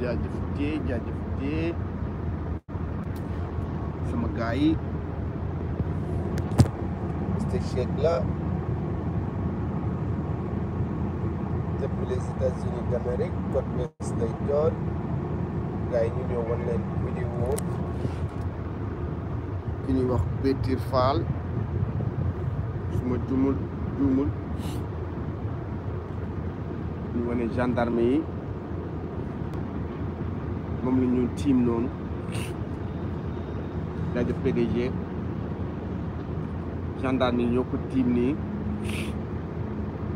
jaajëf tee jaajëf tee sama gars yi Mister Shake la depuis les États-Unis d'Amérique côte ouest lay doon gars yi ñu Petir moom la ñu tiim noonu rajo PDG gendarme yi ñoo ko tiim nii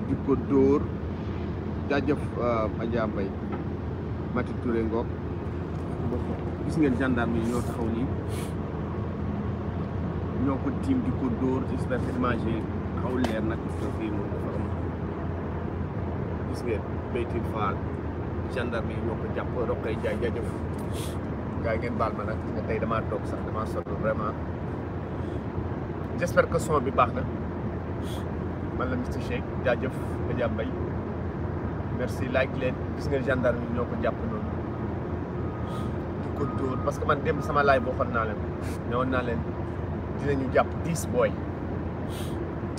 di ko dóor jaajëf euh, Adja Mbaye Mati Touré Ngok gis ngeen gendarme yi ñoo taxaw nii ñoo ko tiim di ko dóor j'espère que xaw leer nag gis nga fii moom gis gendarme yi ñoo ko jàpp Rokhaya Ndiaye jaajëf gaa ngeen baal ma nag nga tey damaa toog sax damaa sonn vraiment j'espère que son bi baax na man la Mister Shake jaajëf Adja Mbaye merci like leen gis nga gendarme ko jàpp noonu di ko dóor parce que man dem sama laay waxoon naa leen ne woon naa leen dinañu jàpp dix booy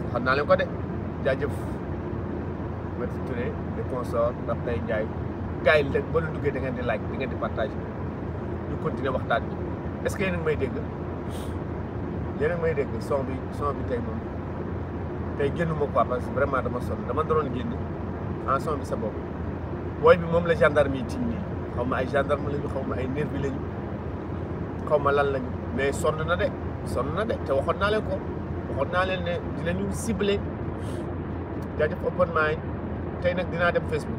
waxoon naa leen ko de jaajëf Mati Touré de consort Rokhaya jaay gars yi léegi ba la duggee da ngeen di like da ngeen di partage ñu continuer waxtaan bi est-ce que yéen a ngi may dégg yéen may dégg son bi son bi tey moom tey génn ma quoi parce que vraiment dama sonn dama doon génn en son bi sa bopp. booy bi moom la gendarme yi tiim nii xaw ma ay gendarme lañu xaw ma ay nervi lañu xaw ma lan lañu mais sonn na de son na de te waxoon naa leen ko waxoon naa leen ne dinañu ciblé jaajëf open mind tey nag dinaa dem Facebook.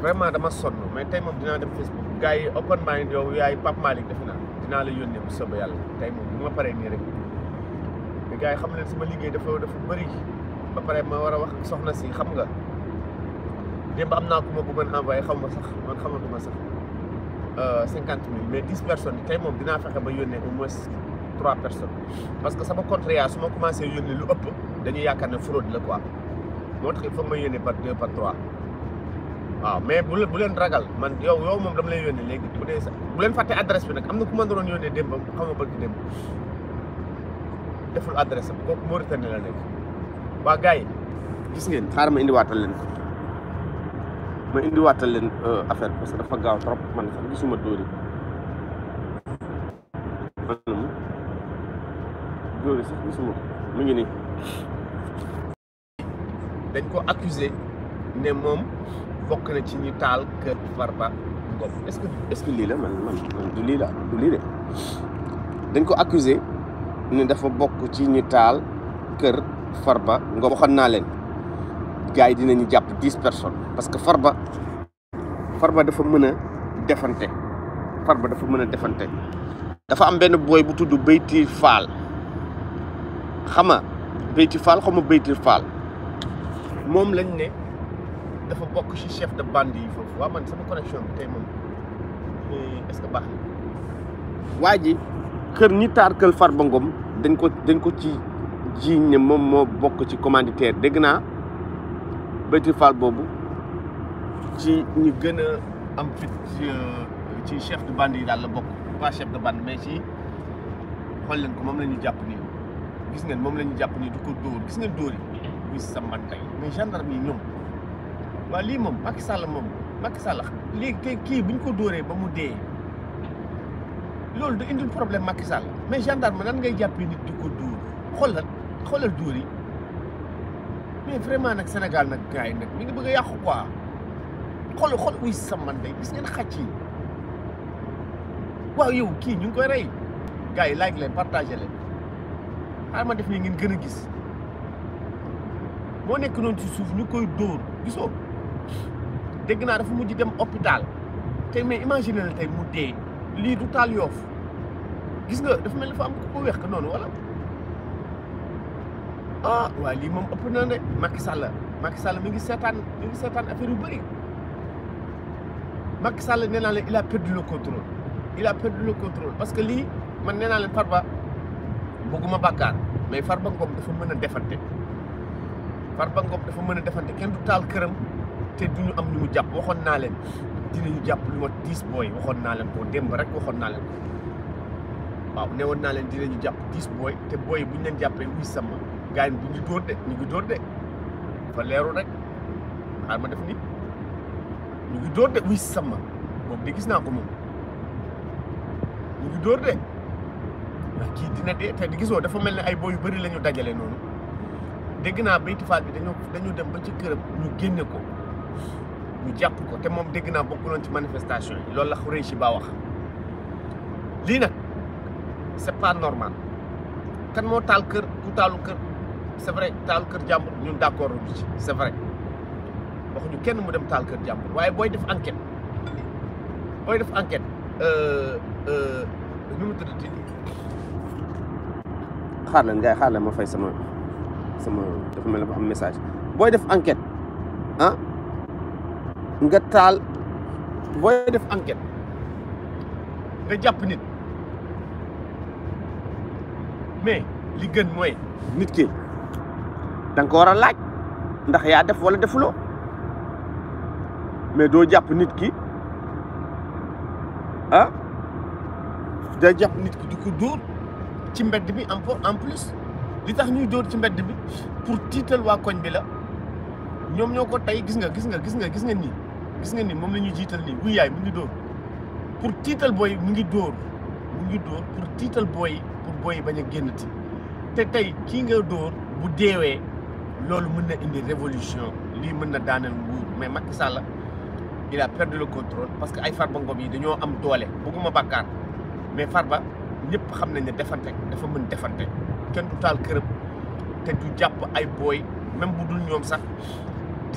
vraiment dama sonn mais tey moom dinaa dem Facebook gars yi open mind yow yaay Pape Malick def naa dinaa la yónnee bu soobee yàlla tey moom bu ma paree nii yi xam leen sama liggéey dafa dafa bëri ba pare ma war a wax soxna si xam nga démb am naa ku ma bëggoon envoyé xaw ma sax man xamatuma sax euh, cinquante mille mais dix personnes tey moom dinaa fexe ba yónnee au moins trois personnes parce que sama contrat su ma commencé yónnee lu ëpp dañuy yaakaar ne fraude la quoi moo tax il ma yónnee par deux par trois waaw mais bu leen bu leen ragal man yow yow moom dama lay yónnee léegi bu dee sax bu leen fàtte adresse bi nag am na ku ma doon yónnee démb xaw ma bëgg démb deful adresse am kooku Mauritanie la nekk waa gars yi gis ngeen xaaral ma indiwaatal leen ko ma indiwaatal leen euh, affaire parce que dafa gaaw trop man sax gisuma dóori maanaam dóori sax gisuma mu ngi nii dañ ko accusé ne moom bokk na ci ñu taal kër Farba Ngom est-ce que lii la man man du lii la du lii de dañ ko accusé ne dafa bokk ci ñu taal kër Farba Ngom waxoon naa leen gars yi ñu jàpp dix personnes parce que Farba Farba dafa mën a defante Farba dafa mën a defante dafa am benn booy bu tudd Beyti Fall xama Beyti Fall xama Beyti Fall moom lañ ne dafa bokk ci chef de bande yi foofu waa man sama connexion bi tey moom eh, ji kër ñi taar kër Farba dañ ko dañ ko ci jiiñ ne moom moo bokk ci commanditaire dégg naa béykat Fall boobu ci ñu gën a am fit euh, ci chef de bande yi daal la bokk pas chef de bande mais ci xool leen ko moom la ñu jàpp nii gis ngeen moom la ñu jàpp nii du ko dóor gis ngeen dóor yi muy sa man tey mais gendarme yi ñoom. waa lii moom Macky Sall moom Macky Sall léegi kii bu ñu ko dóoree ba mu dee loolu du indi problème Macky Sall mais gendarme nan ngay jàppee nit di ko dóor xoolal xoolal dóor yi mais vraiment nag Sénégal nag gars yi nag mi ngi bëgg yàqu quoi xool xool uy saman day gis ngeen xàcc yi waaw yow kii ñu ngi koy rey gars yi like leen partagé leen ma def nii ngeen gën a gis moo nekk noonu ci suuf ñu koy dóor gisoo dégg naa dafa mujj dem hôpital tey mais imagine na tey mu dee lii du taal yoof gis nga dafa mel ni am ku ko weex noonu wala ah waaye lii moom ëpp na ne Macky Sall Macky Sall mi ngi seetaan mi ngi seetaan affaire yu bëri Macky Sall nee naa leen il a perdu le contrôle il a perdu le contrôle parce que lii man nee naa leen Farba bëgguma bàkkaar mais Farba Ngom dafa mën a defante Farba Ngom dafa mën a defante kenn du taal këram. te duñu am lu mu jàpp waxoon naa leen dinañu jàpp lu ma dix booy waxoon naa leen ko démb rek waxoon naa leen waaw ne woon naa leen dinañu jàpp dix booy te booy bu ñu leen jàppee wuy sama gaañ bu ñu dóor de ñu ngi dóor de fa leerul rek xaar def ni ñu ngi dóor gis naa ko moom ñu ngi dóor de waaye kii dina dee te di gisoo dafa mel ne ay booy yu bari lañu ñu dajale noonu dégg naa baytifaat bi dañoo dañu dem ba ci këram ñu génne ko ñu jàpp ko te moom dégg naa bokkuloon ci manifestation yi loolu la Khoureychi Ba wax lii nag c'est pas normal kan moo taal kër ku taalu kër c'est vrai taalu kër jàmbur ñun d'accord bi ci c'est vrai waxuñu kenn mu dem taal kër jàmbur waaye booy def enquête booy def enquête ñu euh, euh, mu tëddati xaar leen gars yi xaar leen ma fay sama sama dafa mel ne am message booy def enquête ah nga taal booy def enquête nga jàpp nit mais li gën mooy nit ki danga ko war a laaj ndax yaa def wala defuloo mais doo jàpp nit ki ah da jàpp nit ki di ko dóor ci mbedd bi en plus li tax ñuy dóor ci mbedd bi pour tiital waa koñ bi la ñoom ñoo ko tey gis nga gis nga gis nga gis nga nii gis nga ni moom la ñuy jiital nii wuy yaay mu ngi dóor pour tiital booy mu ngi dóor mu ngi dóor pour tiital booy pour booy bañ a génnati te tey kii nga dóor bu deewee loolu mën na indi révolution lii mën na daaneel nguur mais Macky Sall il a perdu le contrôle parce que ay Farba Ngom yi dañoo am doole bëgguma bàkkaar mais Farba ñëpp xam nañ ne defante dafa mën defante kenn du taal këram te du jàpp ay booy même bu dul ñoom sax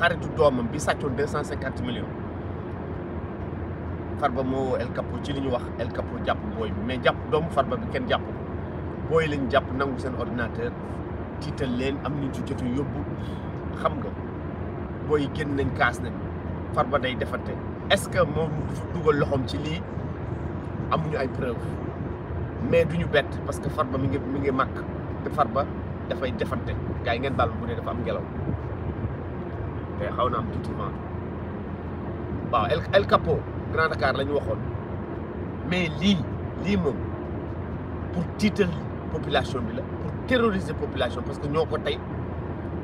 xaritu doomam bi sàccoon deux cent cinquante millions farba moo El Capo ci lu ñu wax El Capo jàpp booy bi mais jàpp doomu ba bi kenn jàpp booy lañ jàpp nangu seen ordinateur tiital leen am nañ ci jotu yóbbu xam nga booy génn nañ kaas far ba day defante est-ce que moom dugal loxoom ci lii amuñu ay preuve mais ñu bett parce que farba mi ngi mi ngi màkk far ba dafay defante gars yi ngeen baal bu ne dafa am ngelaw Et xaw na am de El El Capo Grand Dakar la mais pour tiital population bi la pour terroriser population parce que nous ko tey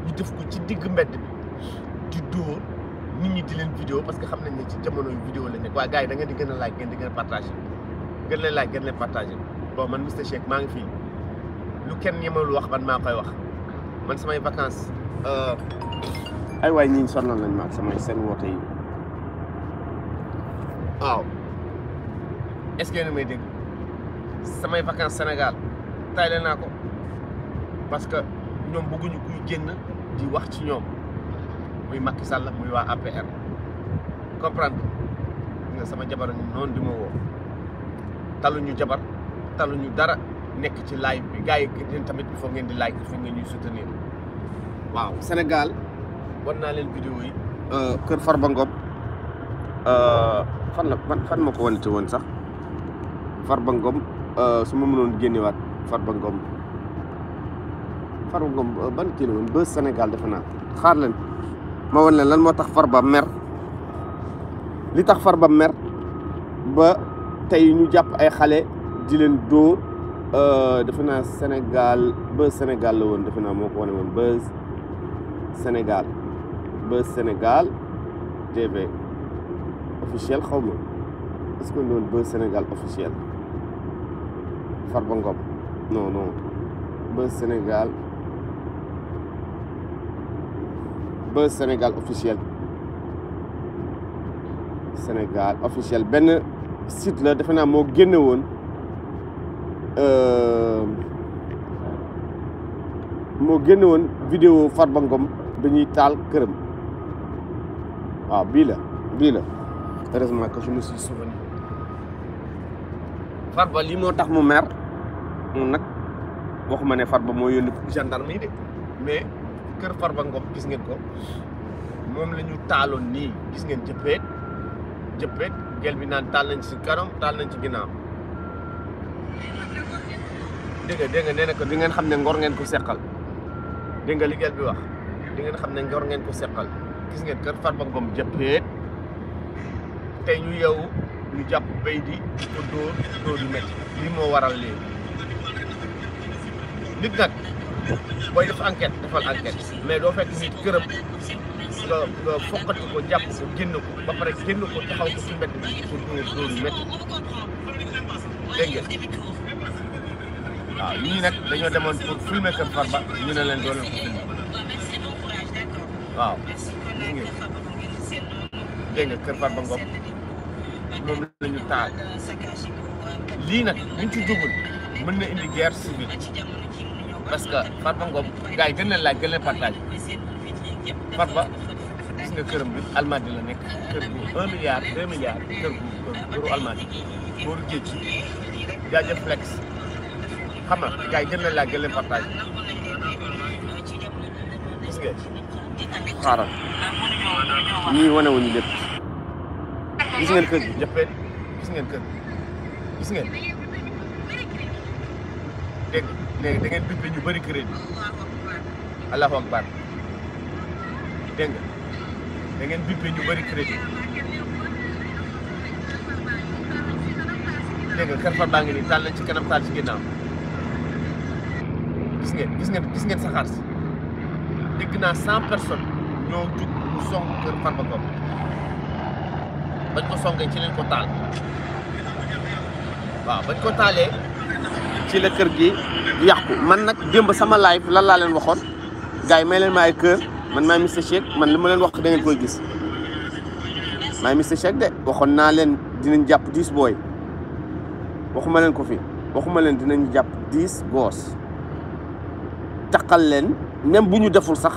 ñu def ko ci digg mbedd bi di ñi di vidéo parce que xam nañ ci jamono yu vidéo la nekk waaye gars da ngeen di gën laaj di laaj man Mister de ngi lu kenn wax man vacances euh, ay waay ñiñ sonal nañ ma ak samay seen woote yi waaw est may dégg samay vacances Sénégal tayle naa ko parce que ñoom bëgguñu kuy génn di wax ci ñoom muy Macky Sall muy waa APR comprendre nga sama jabar noonu di ma woo taluñu jabar taluñu dara nekk ci live bi gars gi yéen tamit il faut ngeen di like il ngeen ñuy soutenir waaw Sénégal wan video leen vidéo yi. Euh, Kër Farba Ngom euh, fan la fan fan moo ko wanati woon sax Farba Ngom euh, su ma mënoon génnewaat Farba Ngom Farba Ngom ban kii ba Sénégal defe naa xaar leen ma wan leen lan moo tax mer li tax mer ba tey ñu jàpp ay xale di leen dóor defe naa Sénégal ba Senegal. la Buzz Sénégal TV officiel xaw ma est-ce que loolu Buzz Sénégal officiel Farba Ngom non Sénégal Buzz Sénégal officiel Sénégal officiel benn site la defe naa moo génne woon euh, moo génne woon vidéo Farba dañuy taal këram waaw bii la bii la heureusement que je me suis souvenu lii moo tax mu mer moom nag waxuma ne Farba moo yónni gendarme yi de mais kër Farba Ngom gis ngeen ko moom lañu taaloon nii gis ngeen jëppeet jëppeet gel bi naan taal nañ ci kanam taal nañ ci ginnaaw dégg nga dégg nee na ko di ngeen xam ne ngoor ngeen ko seqal dégg nga li gel bi wax di ngeen xam ne ngor ngeen ko seqal gis ngeen kat Fatma Ngom jëppeet tey ñu yeewu ñu jàpp béy di ko dóor dóor yu métti li moo waral léegi nit nag booy def enquête defal enquête mais doo fekk nit këram nga nga ko jàpp ko génn ko ba pare génn ko taxaw ci mbedd bi ko dóor dóor yu métti dégg ngeen waaw ñii nag dañoo demoon pour filmer kër ñu ne leen doo leen ko filmer waaw gis dégg nga kër Farba Ngom moom la taal lii nag buñ ci jubul mën na indi guerre civile parce que Farba Ngom gars yi gën leen laaj gën leen partage Farba gis nga këram bi Almadi la nekk kër bu 1 milliard 2 milliards kër bu këru Almadi booru géej gi jaajëf flex xam nga yi gën leen gën leen partage xaaral ñii wane wuñu lépp gis ngeen kër gi jëppee gis ngeen kër gis ngeen dégg léegi da ngeen duppe ñu bëri crédit allahu akbar dégg nga da ngeen duppe ñu bëri kër fa baa ngi nii taal lañ ci kanam taal ci ginnaaw gis ngeen gis ngeen gis ngeen saxaar si naa cent personnes ñoo jug mu bañ ko songee ci lañ ko taal waaw bañ ko taalee ci la kër gi yàqu man nag démb sama live lan laa leen waxoon gars yi may leen maay kër man maay Mister Shake man li ma leen wax da ngeen koy gis maay Mister Shake de waxoon naa leen dinañ jàpp dix booy waxuma leen ko fi waxuma leen dinañ jàpp dix goos taqal leen même bu ñu deful sax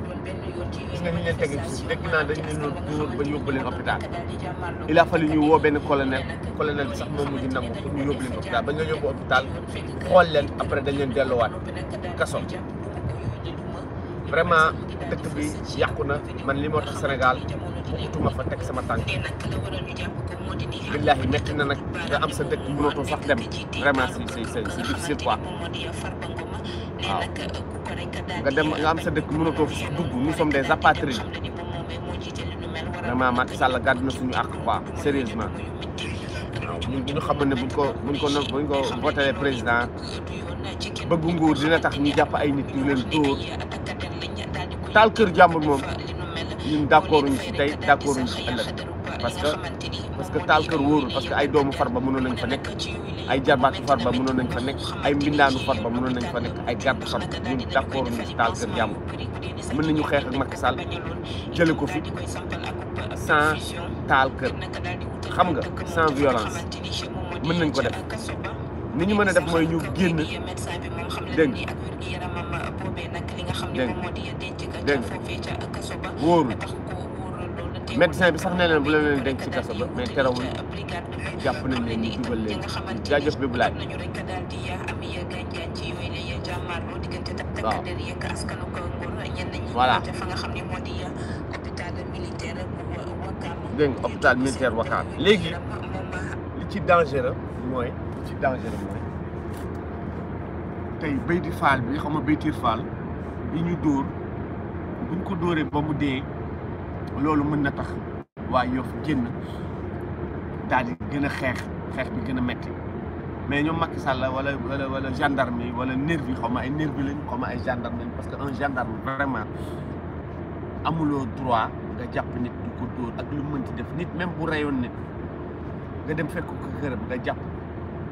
gis nga ñu leen teg dégg naa dañu leen doon dóor ba ñu yóbbu leen hôpital il a fallu ñu woo benn colonel colonel bi sax moom mujj nangu pour ñu yóbbu leen hôpital ba ñu yóbbu hôpital xool leen après dañ delluwaat kaso vraiment dëkk bi yàqu na man li moo tax Sénégal bëggatuma fa teg sama tànk billaahi metti na nag nga am sa dëkk mënatoo sax dem vraiment si si si difficile quoi waaw nga dem nga am sa dëkk mënatoo sax dugg nous sommes des apatrides vraiment Macky Sall gàddu na suñu àq quoi sérieusement waaw ñun bu ñu xamoon ne buñ ko buñ ko buñ ko voté président bëgg nguur dina tax ñu jàpp ay nit ñu leen dóor taal kër jàmbur moom ñun d' accord uñ si tey d' accord parce que parce que taal kër parce que ay doomu Farba mënoon nañ fa nekk ay jarbaatu Farba mënoon nañ fa nekk ay mbindaanu Farba mënoon nañ fa nekk ay gardu Farba ñun d' accord uñ si taal kër jàmbur mën nañu xeex ak Macky Sall jële ko fi sans taal kër xam nga sans violence mën nañ ko def ni ñu mën a def mooy ñu génn dégg dégg wóorul médecin bi sax nee leen bu leen leen denc ci kaso ba mais terewul jàpp nañ leen ñu jubal leen jaajëf bi bu laaj waaw voilà dégg nga hôpital militaire Wakaam léegi li ci dangereux mooy dangereux mooy tey Bayti Fall bi xam nga Baytir Fall bi ñu dóor buñ ko dóoree ba mu dee loolu mën na tax waa Yoff génn daal di gën a xeex xeex bi gën a metti mais ñoom Macky Sall wala wala wala gendarme yi wala nervi xaw ma ay nervi lañ xaw ay gendarme lañ parce que un gendarme vraiment amuloo droit nga jàpp nit du ko dóor ak lu mënti def nit même bu reyoon nit nga dem fekk ko këram nga jàpp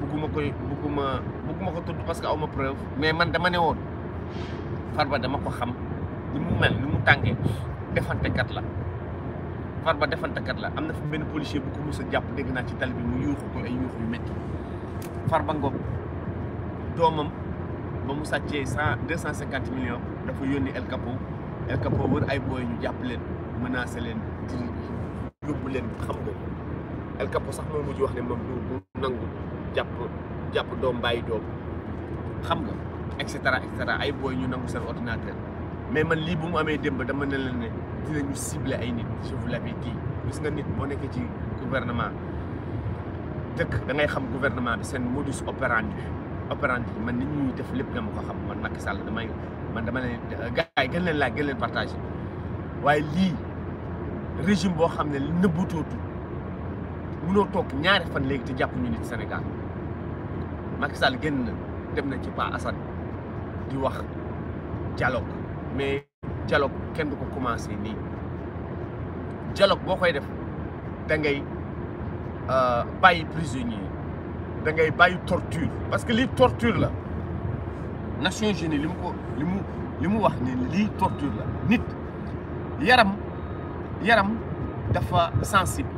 bugguma koy bugguma bugguma ko tudd parce que aw ma preuve mais man dama ne woon ba dama ko xam li mu mel ni mu tàngee defantekat la Farba defantekat la am na fi benn policier bu ko mus a jàpp dégg naa ci tali bi mu yuuxu ko ay yuuxu yu métti Farba Ngom doomam ba mu sàccee cent deux cent cinquante million dafa yónni El Capo El Capo wër ay booy ñu jàpp leen menacé leen diri yóbbu leen xam ko El Capo sax moo mujj wax ne moom nangu jàpp jàpp doom bàyyi doom xam nga et cetera et cetera ay booy ñu nangu seen ordinateur mais man lii bu mu amee démb dama ne leen ne ñu cibler ay nit je vous l'avais dit gis nga nit moo nekkee ci gouvernement dëkk da ngay xam gouvernement bi seen modus operandi operandi man nit ñuy def lépp dama ko xam man Macky Sall damay man dama leen gars yi gën leen laaj gën leen waaye lii régime boo xam ne li nëbbu tootu munoo toog ñaari fan léegi te jàpp ñu nit Sénégal Macky Sall génn dem ci Pa pas di wax dialogue mais dialogue kenn du ko commencé ni dialogue bokoy def da ngay euh, prisonniers da torture parce que les torture la Nations Unies ce ko wax torture la nit yaram yaram dafa sensible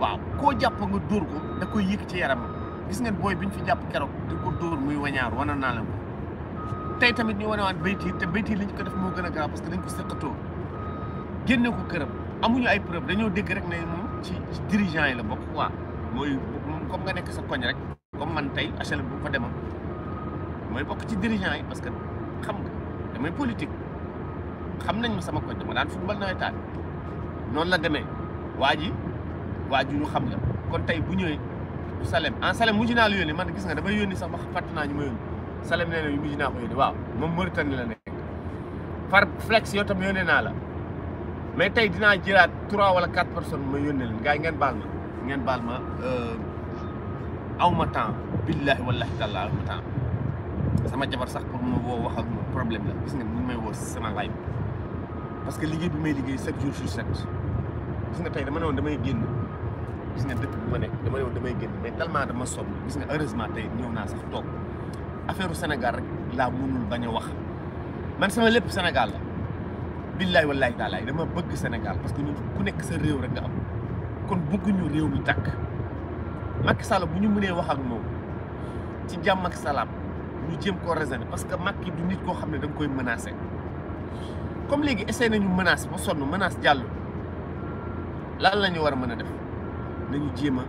waaw ko nga ko da koy gis ngeen booy bi ñu fi jàpp keroog di ko dóor muy wañaar wana naa la ko tey tamit ñu wane waat béyti te béyti li ñu ko def moo gën a garaaw parce que dañ ko sëqatoo génne ko këram amuñu ay preuve dañoo dégg rek ne moom ci ci yi la bokk quoi mooy comme nga nekk sa koñ rek comme man tey HLM bu fa demoon mooy bokk ci dirigeant yi parce que xam nga damay politique xam nañ ma sama koñ dama daan football nawetaan noonu la demee waa ji waa ju xam la kon tey bu ñëwee. du Salem ah Salem mujj naa la yónni man gis nga damay yónni sax ma fàtt naa ñu ma yónni Salem nee na mujj naa ko yónni waaw moom Mauritanie la nekk far flex yow tam naa la mais tey dinaa jëlaat trois wala quatre personnes ma yónnee leen gars yi ngeen baal ma ngeen baal ma euh, aw ma temps billahi wallahi ma temps sama jabar sax pour ma woo wax ak problème la gis nga ni may woo sama live parce que liggéey bi may liggéey chaque jour sur sept gis nga tey dama ne woon damay génn. gis nga dëkk bu ma nekk dama ne woon damay génn mais dama sonn gis nga heureusement tey ñëw naa sax toog affaire Sénégal rek laa mënul bañ a wax man sama lépp Sénégal la billaay wallaay taalaay dama bëgg Sénégal parce que ñun ku nekk sa réew rek nga am kon bëgguñu réew mi tàkk Macky Sall bu ñu mënee wax ak moom ci jàmm ak salaam ñu jëm koo raisonné parce que Macky du nit koo xam ne da nga koy menacé comme léegi essayé nañu menace ba sonn menace jàll lan la ñu war a mën a def. nañu jéem a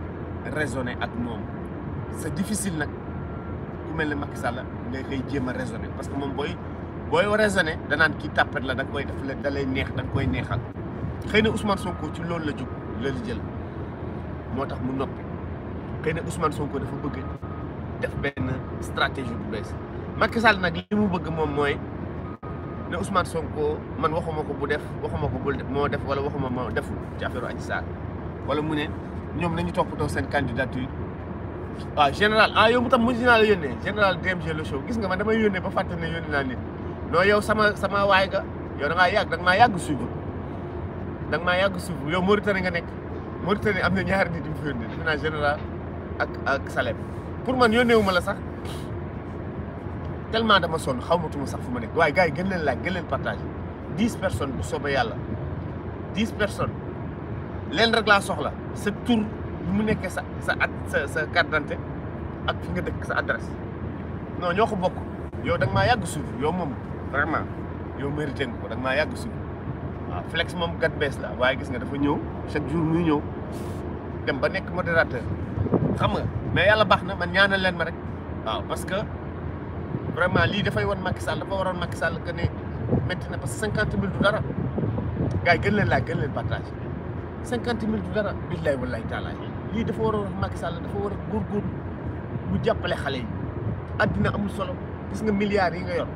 raisonné ak moom sa difficile nag ku mel ne Macky Sall ngay koy jéem a raisonné parce que moom booy booy raisonné danaan kii tàppat la da nga koy def la da neex da koy neexal xëy na Ousmane Sonko ci loolu la jóg la jël moo tax mu noppe xëy na Ousmane Sonko dafa bëgg def benn stratégie bu bees Macky Sall nag li mu bëgg moom mooy ne Ousmane Sonko man waxuma ko bu def waxuma ko bul def moo def wala waxuma moo deful ci affaire Adji Sarr wala mu lañu top toppatoo sen candidature Ah, général ah yow mu tam mu yone général DMG le show gis nga man dama eh, yone ba fàttali ne yónnee nit do yow sama sama way ga yow da nga yag da nga yag suuf da nga yag suuf yow Mauritanie nga nek Mauritanie amna ñaar nit yu fënd ni na général ak ak Salem pour man yónnee eh, wu ma la sax tellement dama son xaw ma sax fuma nek way gaay gën leen laaj gën leen partager 10 personnes bu soba yalla 10 personnes len rek la soxla sa tour bu mu nekk sa sa sa sa carte d'identité ak fi nga dëkk sa adresse non ñoko ko bokk yow dag ma maa suuf yow mom vraiment yow mérité nga ko dag ma maa suuf waaw flex mom gat bes la waye gis nga dafa ñew chaque jour muy ñew dem ba nekk modérateur xam nga mais yalla baax na man ñaanal len ma rek waaw parce que vraiment li da fay won Macky Sall dafa waron Macky Sall que ne metti na parce 50000 cinquante mille dara gars gën leen la gën leen partager cinquante mille du dara billaay wallaay taalaay lii dafa war a wax Macky dafa war a góorgóorlu mu jàppale xale yi àddina amul solo gis nga milliards yi nga yor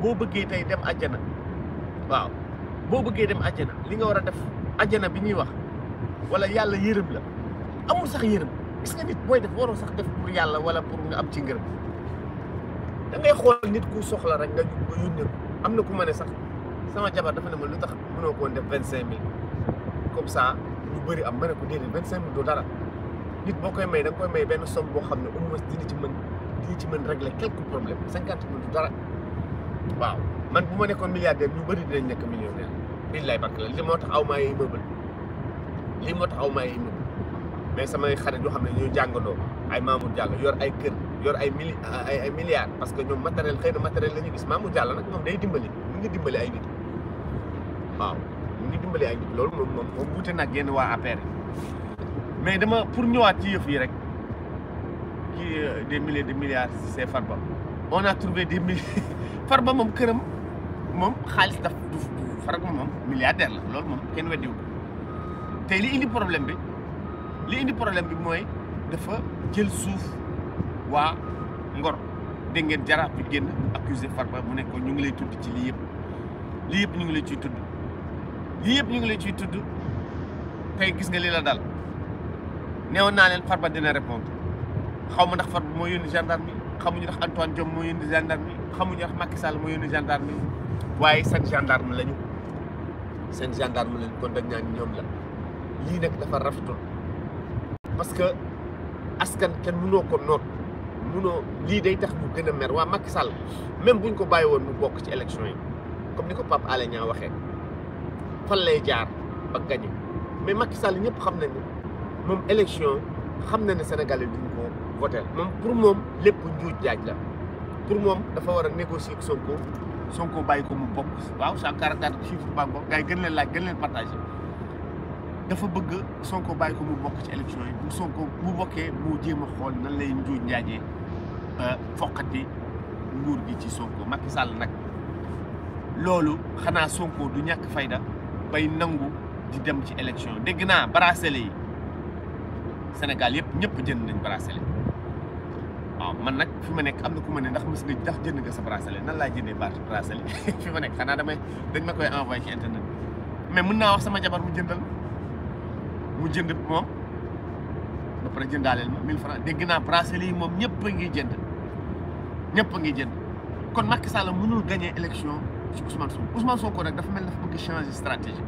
boo bëggee tey dem àjjana waaw boo bëggee dem àjjana li nga war a def àjjana bi ñuy wax walla yàlla yërëm la amul sax yërëm gis nga nit booy def waroo sax def pour yàlla wala pour nga am ci ngërëm da ngay xool nit ku soxla rek nga yónnee ko am na ku ma ne sax sama jabar dafa ne ma lu tax mënoo koon comme ça lu bari am ma ne ko déedéet vingt cinq du dara nit boo koy may da nga koy may benn somme boo xam ne au moins dina ci mën dina ci mën régler quelques problèmes cinquante mille du dara waaw man bu ma nekkoon milliardaire ñu bëri dinañ nekk millionnaire lii lay barke la li moo tax aw maa yee immeuble lii moo tax aw yi yee immeuble mais samay xarit yoo xam ne ñoo jàngandoo ay Mamour jàll yor ay kër yor ay mili ay ay parce que ñoom matériel xëy na matériel la ñu gis Mamour Diallo nag moom dimbali mu ngi ay nit waaw. ñu dimbali ay nit lolou mom mom moom wuute nag yenn wa affaire mais dama pour ñëwaat ci yëf yi rek ki euh, des milliers de milliards c'est Farba on a trouvé des milliers Farba mom kërëm mom xaliss daf du Farba mom milliardaire la lolou mom kenn weddiwu ko te li indi problème bi li indi problème bi moy dafa jël souf wa Ngor dégg ngeen bi genn accusé Farba mu ne ko ñu ngi lay tudd ci li yëpp li yëpp ñu ngi lay ci tudd lii yëpp ñu ngi la ciy tudd tey gis nga li la dal neewoon naa leen Farba dina répondre xaw ma ndax Farba moo yónni gendarme yi xamuñu ndax Antoine Diome moo yónni gendarme yi xamuñu ndax Macky Sall moo yónni gendarme waaye seen gendarme lañu seen gendarme lañu kon dañ naan ñoom la lii nag dafa rafetul parce que askan kenn mënoo ko noot mënoo lii day tax mu gën a mer waa Macky Sall même buñ ko bàyyi woon mu bokk ci élection yi comme ni ko Pape Alé Niang waxee. fan lay jaar ba gagné mais makki Sall ñëpp xam nañu moom élection xam na ne Sénégalais duñ ko voté moom pour moom lépp njuuj jaaj la pour moom dafa war a négocier ak Sonko Sonko bàyyi ko mu bokk waaw sa 44 chiffre ba bokk gars yi gën dafa bëgg Sonko bàyyi mu bokk ci yi bu Sonko bu bokkee mu jéem xool nan lay njuuj njaajee foqati nguur gi ci Sonko makki Sall nag loolu xanaa Sonko du ñàkk fayda bay nangu di dem ci élection dégg naa bracelet yi Sénégal yëpp ñëpp jënd nañ bracelet waaw man nag fi ma nekk am na ku ma ne ndax mos nga ndax jënd nga sa bracelet nan laa jëndee baat bracelet fi ma nekk xanaa damay dañ ma koy envoyé ci internet mais mën naa wax sama jabar mu jëndal mu jënd moom ba pare jëndaaleel ma dégg naa bracelet yi moom ñëpp a ngi jënd ñëpp a ngi jënd kon Macky Sall mënul gagné élection. ci Ousmane Sonko Ousmane Sonko nag dafa mel dafa bëgg changer stratégie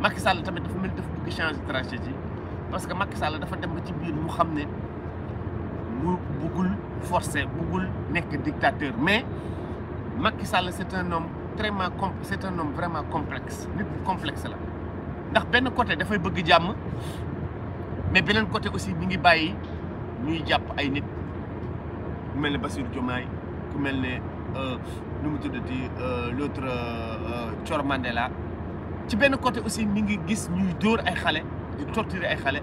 Macky Sall tamit dafa mel dafa bëgg changer stratégie parce que Macky Sall dafa dem ba ci biir mu xamné ne mu buggul forcé bëggul nekk dictateur mais Macky Sall c'est un homme très c'est un homme vraiment complexe nit complexe la ndax benn côté da fay bëgg jamm mais beneen côté aussi mi ngi bayyi ñuy japp ay nit ku melni Bassir Diomaye ku melni euh, nous euh, l'autre Cor euh, Mandela ci ben côté aussi mingi gis ñuy door ay xalé torturer ay xalé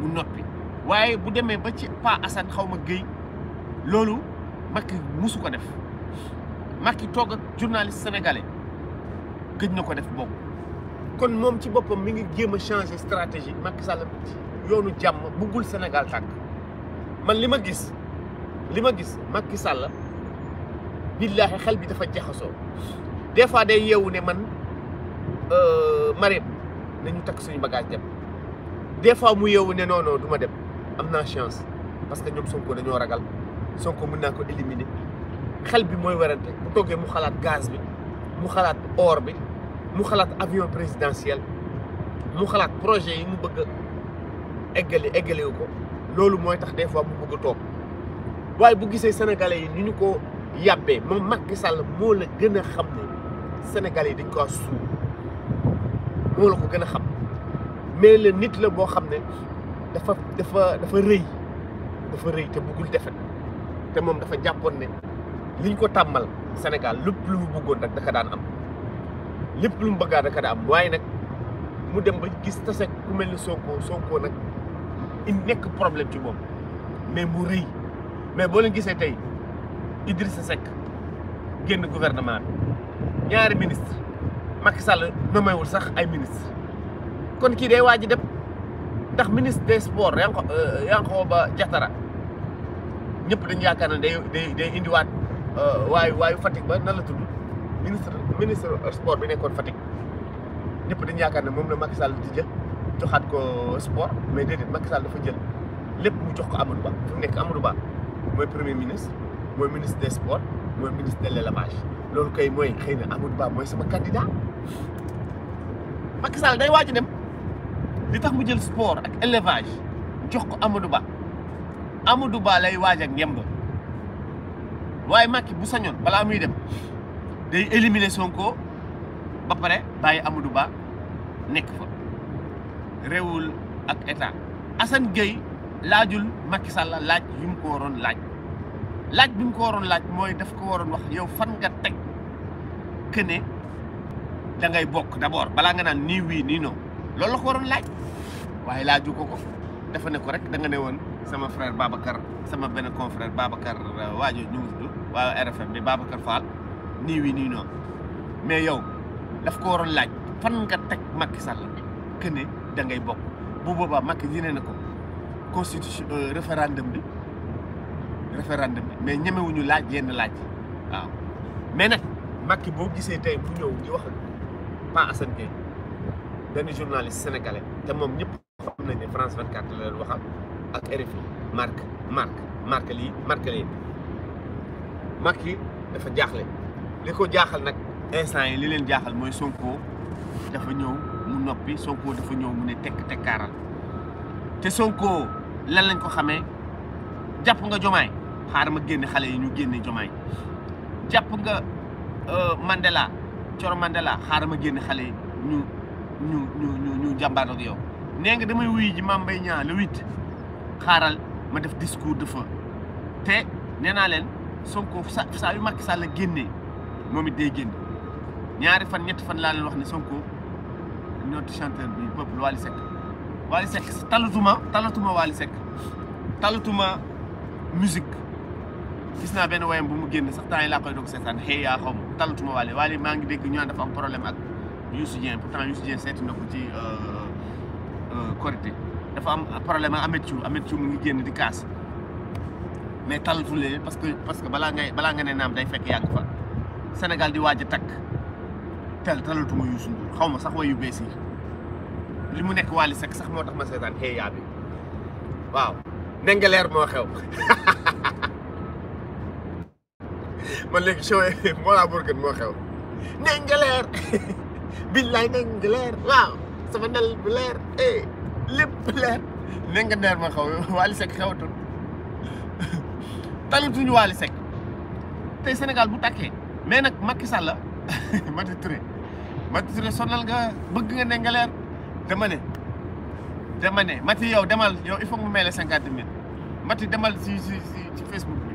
mu noppi waye bu ba ci Pa Assane xawma geuy lolu musu def journaliste sénégalais gëj nako def bok kon mom ci de changer stratégie Macky Sall yoonu Sénégal tak man lima gis billaahi xel bi dafa jaxasoo des fois day yeewu ne man euh, Marème nañu takk suñu bagage dem des fois mu yeewu ne non non dem am naa chance parce que ñoom Sonko dañoo ragal Sonko mën naa ko éliminer xel bi mooy werante bu toggee mu xalaat gaz bi mu xalaat or bi mu xalaat avion présidentiel mu xalaat projet yi mu bëgg a eggale eggalewu ko loolu mooy tax des fois mu bëgg toog waaye bu gisee sénégalais yi ni ñu ko. yàbbee moom Macky Sall moo la gën a xam ne Sénégal yi dañ ko suur moo la ko gën a xam mais la nit la boo xam ne dafa dafa dafa rëy dafa rëy te bëggul defet te moom dafa jàppoon ne liñ ko tàmbal Sénégal lépp lu mu bëggoon nag daka daan am lépp lu mu bëggaa am waaye nag mu dem ba gis tase ku mel ni Sonko Sonko nag il nekk problème ci moom mais mu rëy mais boo leen gisee tey Idrissa Seck genn gouvernement ya ñaari ministre Macky Sall nomewul sax ay ministre kon ki day waji dem ndax ministre des sports Yanko euh, Yankhoba Diattara ñëpp dañu yaakaar day day day wat way euh, way fatik ba na la tuddu ministre ministre sport bi nekkon fatik. ñepp dañu yaakaar mom la Macky Sall di jël joxat ko sport mais déedéet Macky Sall dafa jël lepp mu jox ko Amadou Ba fu Amadou Ba moy premier ministre. mooy ministre des sports mooy ministre de loolu kay mooy xëy na Amadou Ba mooy sama candidat Macky Sall day waaj a dem li tax mu jël sport ak élevage jox ko Amadou Ba Amadou Ba lay waaj ak ngemb waaye Macky bu sañoon balaa muy dem day éliminer Sonko ba pare baay Amadou Ba nekk fa réewul ak état Assane Gueye laajul Macky Sall laaj yu mu ko waroon laaj. laaj bi mu ko waroon laaj mooy daf ko waroon wax yow fan nga teg que ne da ngay bokk d'abord balaa nga naan nii wii nii noo lool la ko waroon laaj waaye laaju ko ko dafa ne ko rek da nga ne woon sama frère Babacar sama benn confrère Babacar euh, waajo ñu ngi tudd waa RFM bi Babacar Fall nii wii nii noo mais yow daf ko waroon laaj fan nga teg Macky Sall que ne da ngay bokk bu boobaa makk dina ne ko constitution euh, référendum bi. référendum mais ñemewuñu laaj yenn laaj waaw mais nag Macky boo gisee tey bu ñëw di wax Pa Assane Gueye journaliste sénégalais te moom ñëpp nañ ne France 24 la leen waxal ak RFI Marc Marc Marc lii Marc lii Macky dafa jaaxle li ko jaaxal nag instant yi li leen jaaxal mooy Sonko dafa ñëw mu noppi Sonko dafa ñëw mu ne tekk tekkaaral te Sonko lan lañ ko xamee jàpp nga jomaay xaaral ma génne xale yi ñu génne jomaay jàpp nga euh, Mandela Coro Mandela xaaral ma génne xale yi ñu ñu ñu ñu ñu jàmbaar ak yow. nee nga damay wuy ji Mame Mbaye Niang le huit xaaral ma def discours de feu te nee naa leen Sonko sa saa yu Macky Sall génnee moom it day génn ñaari fan ñetti fan laa leen wax ne Sonko notre chanteur bi peuple wali sek wali sek talatuma talatuma wali sek talatuma musique gis naa benn woyam bu mu génn sax temps yi laa koy doog seetaan xëy yaa xaw ma talatuma waale waale maa ngi dégg ñu naan dafa am problème ak Youssou Dieng na ko ci euh, euh, dafa am problème ak Ameth Thiou Ameth Thiou mu ngi génn di parce que parce que balaa ngay balaa nga ne naam day fekk Sénégal di waaj a takk tel talatuma Youssou xaw ma sax wayu bees yi li mu nekk Wally Seck sax moo tax ma seetaan xëy yaa bi waaw nengeleer moo xew man léegi show yi Mollah Morgun moo xew nañ nga leer waaw sama nel bu leer eh lépp leer nañ nga leer ma xaw Wally Seck xewatul tey Sénégal bu tàkkee mais nag Macky Sall la Mati Touré Mati Touré sonal nga bëgg nga ne nga ne dama ne Mati yow demal yow il faut mu meele cinquante mille Mati demal si ci Facebook bi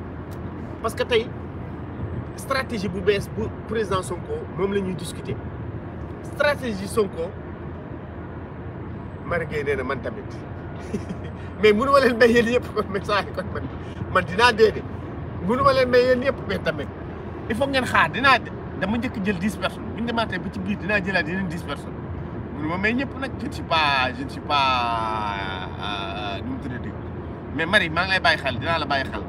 parce que tay stratégie bu bees bu président Sonko mom lañuy discuter stratégie Sonko Mary Gueye nee na man tamit mais mënu walen leen may yéen yëpp kon mais saa kon man man dinaa dee de mënu ma may yéen yëpp mais tamit il faut ngeen xaar dinaa dama ñëk jël 10 personnes buñu ñu demaatee ci biir dinaa jëlaat yeneen 10 personnes mënu ma may ñëpp nak je ne suis pas je ne suis pas euh, euh, nu mu tuddati mais mari ma ngi lay bàyyi xel dinaa la bàyyi xel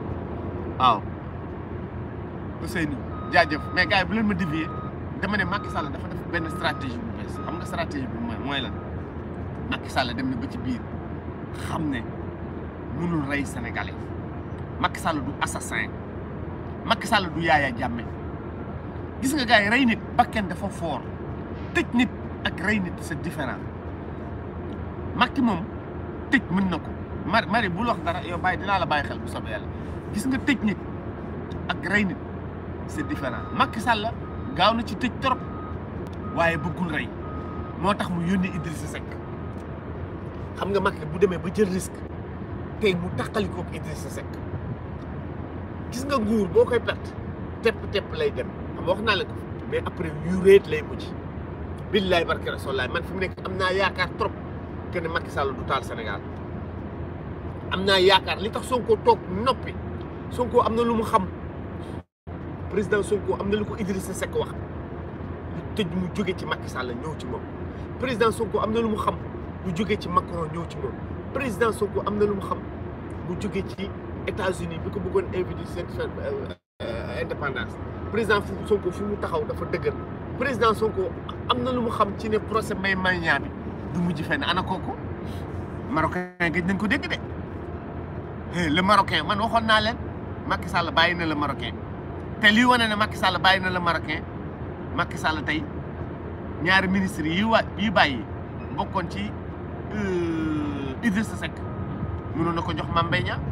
waaw. Ousseynou jaajëf mais gars yi bu ma dévier dama ne Macky dafa def benn stratégie bu bees xam nga mooy mooy lan Macky Sall dem ba ci biir xam ne mënul rey Sénégalais Macky Sall du assassin Macky Sall du Yaya gis nga gars yi rey nit dafa fort tëj nit ak rey nit c'est différent Macky moom tëj mën na ko Marie bul wax dara yow bàyyi dinaa la bàyyi xel bu soobee yàlla gis nga tëj nit ak rey nit. c'est différent Macky Sall gaaw na ci tëj trop waaye bëggul rey moo tax mu yónni Idrissa Seck xam nga Macky bu demee ba jël risque tey mu taqali ko ak Idrissa gis nga nguur boo koy perte tepp-tepp lay dem xam wax naa la ko mais après yu réet lay mujj billaay barke rasulaay man fi mu nekk am naa yaakaar trop que ne Macky Sall du taal senegal am naa yaakaar li tax Sonko toog noppi Sonko am na lu mu xam président Sonko am na lu ko Idrissa Seck wax lu tëj mu jóge ci Macky Sall ñëw ci moom président Sonko am na lu mu xam mu jóge ci Macron ñëw ci moom président Sonko am na lu mu xam mu jóge ci États-Unis bi ko bëggoon invité seen euh, indépendance président Sonko fi mu taxaw dafa dëgër président Sonko am na lu mu xam ci ne procès may mañaa bi du mujj fenn ana kooku marocain gëj nañ ko dégg de eh, le marocain man waxoon naa leen Macky Sall bàyyi na la marocain te lii wane ne Macky Sall bàyyi na la Marocain makki Sall tey ñaari ministre yi wa yi bàyyi bokkoon ci euh, Idrissa Seck mënoon na ko jox Mame Mbaye Niang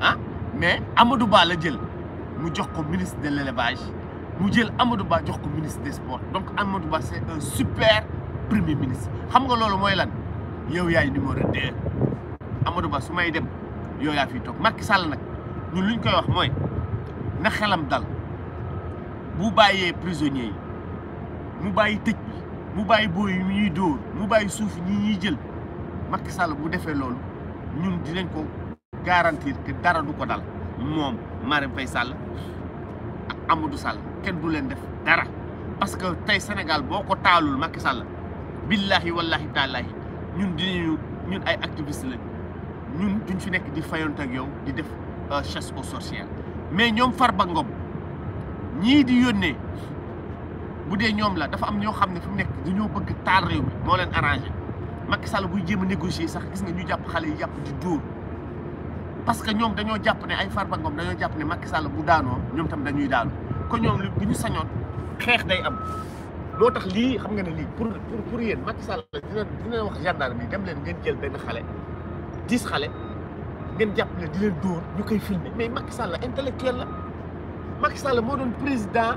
ah mais Amadou Ba la jël mu jox ko ministre de l'élevage mu jël Amadou baa jox ko ministre des sports donc Amadou Ba c'est un super premier ministre xam nga loolu mooy lan yow yaay numéro deux Amadou Ba su may dem yow yaa fiy toog Macky Sall nag ñun luñ koy wax mooy na xelam dal bu bàyyee prisonniers yi mu bàyyi tëj bi mu bàyyi booy yi ñuy dóor mu bàyyi suuf ñi ñuy jël Macky Sall bu defee loolu ñun dinañ ko garantir que dara du ko dal moom Marème Faye Sall ak Amadou Sall kenn du leen def dara parce que tey Sénégal boo ko taalul Macky Sall billahi wallahi taalaahi ñun dinañu ñun ay activiste lañ ñun duñ fi nekk di fayonte ak yow di def chasse aux sorcières mais ñoom Farba Ngom ñii di yónnee bu dee ñoom la dafa am ñoo xam ne fu mu nekk dañoo bëgg taal réew mi moo leen arranger Macky Sall buy jéem a négocier sax gis nga ñu jàpp xale yi jàpp di dóor parce que ñoom dañoo jàpp ne ay Farba Ngom dañoo jàpp ne Macky Sall bu daanoo ñoom tam dañuy daanu ko ñoom li bu ñu sañoon xeex day am loo tax lii xam nga ne lii pour pour pour yéen Macky Sall dina dina wax gendarme yi dem leen ngeen jël benn xale dix xale. ngeen jàppale di leen dóor ñu koy filmer mais Macky Sall intellectuel la Macky Sall moo doon président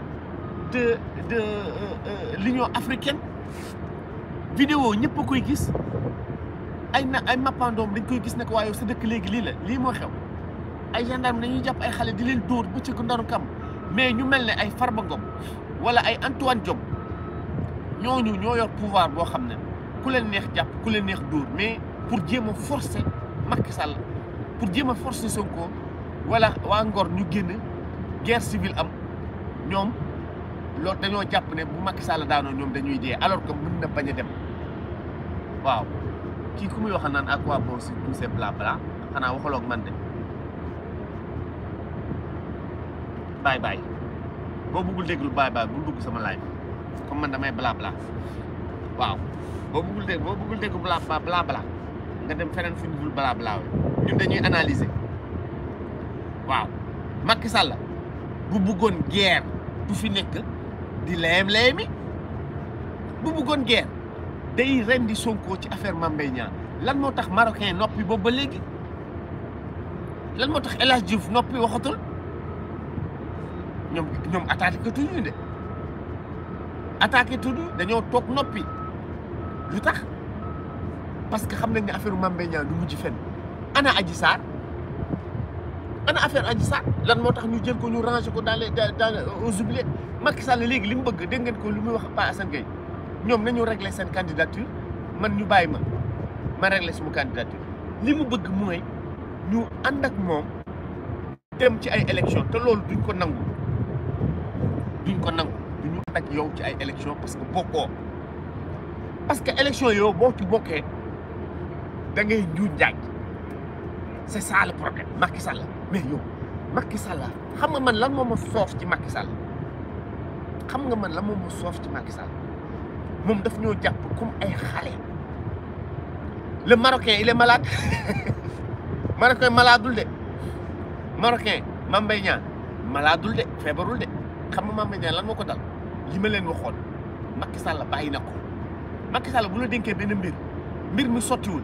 de de euh, euh, l'Union africaine vidéo ñëpp a koy gis ay na ay mappandoom dañ koy gis ne ko waaye sa dëkk léegi lii la lii moo xew ay gendarme dañuy jàpp ay xale di leen dóor bëccëgu ndaru kam mais ñu mel ne ay Farba Ngom wala ay Antoine Diome ñooñu ñoo yor pouvoir boo xam ne ku leen neex jàpp ku leen neex dóor mais pour jéem a forcer Macky Sall pour jéem a forcer Sonko wala waa Ngor ñu génn guerre civile am ñoom lool dañoo jàpp ne bu Macky Sall daanoo ñoom dañuy dee alors que mën na bañ a dem waaw kii ku muy wax naan à quoi bon si tous ces blabla xanaa waxaloo ak man de baay baay boo bëggul déglu baay baay bul dugg sama laaj comme man damay blabla waaw boo bëggul dégg boo bëggul déglu blabla blabla. nga dem feneen fu ñu dul balaa balaaw ñun dañuy analyser waaw Macky Sall bu bëggoon guerre du fi nekk di leem-leemi bu bëggoon guerre day rendi Sonko ci affaire Mame Mbaye Niang lan moo tax marocain noppi boobu ba léegi lan moo tax El Hadj Diouf noppi waxatul ñoom ñoom attaqué tuñu de attaqué tuñu dañoo toog noppi lu tax parce que xam nañ ne affaire mambe Mbaye du mujj fenn ana Adji sar ana affaire Adji sar lan motax ñu jël ko ñu ranger ko dans les dans aux oubliettes Macky Sall légui limu bëgg dégg ngeen ko limu wax Pa Assane Gueye ñom nañu régler sen candidature man ñu bayima ma régler sumu candidature limu bëgg moy ñu and ak mom dem ci ay élection té loolu duñ ko nangu duñ ko nangu duñu tak yow ci ay élection parce que boko parce que élection yo bo ci bokkee da ngay njuuj njaaj c' est problème Macky Sall mais yow Macky Sall xam nga man lan moo soof ci Macky Sall xam nga man lan moo soof ci Macky moom daf ñëw jàpp comme ay xale le marocain il est malade marocain de marocain Mame Mbaye Niang maladul de feebarul de xam nga Mame Mbaye Niang lan moo ko dal li leen waxoon Macky Sall bàyyi na ko Macky Sall bu la dénkee benn mbir mbir mi sottiwul.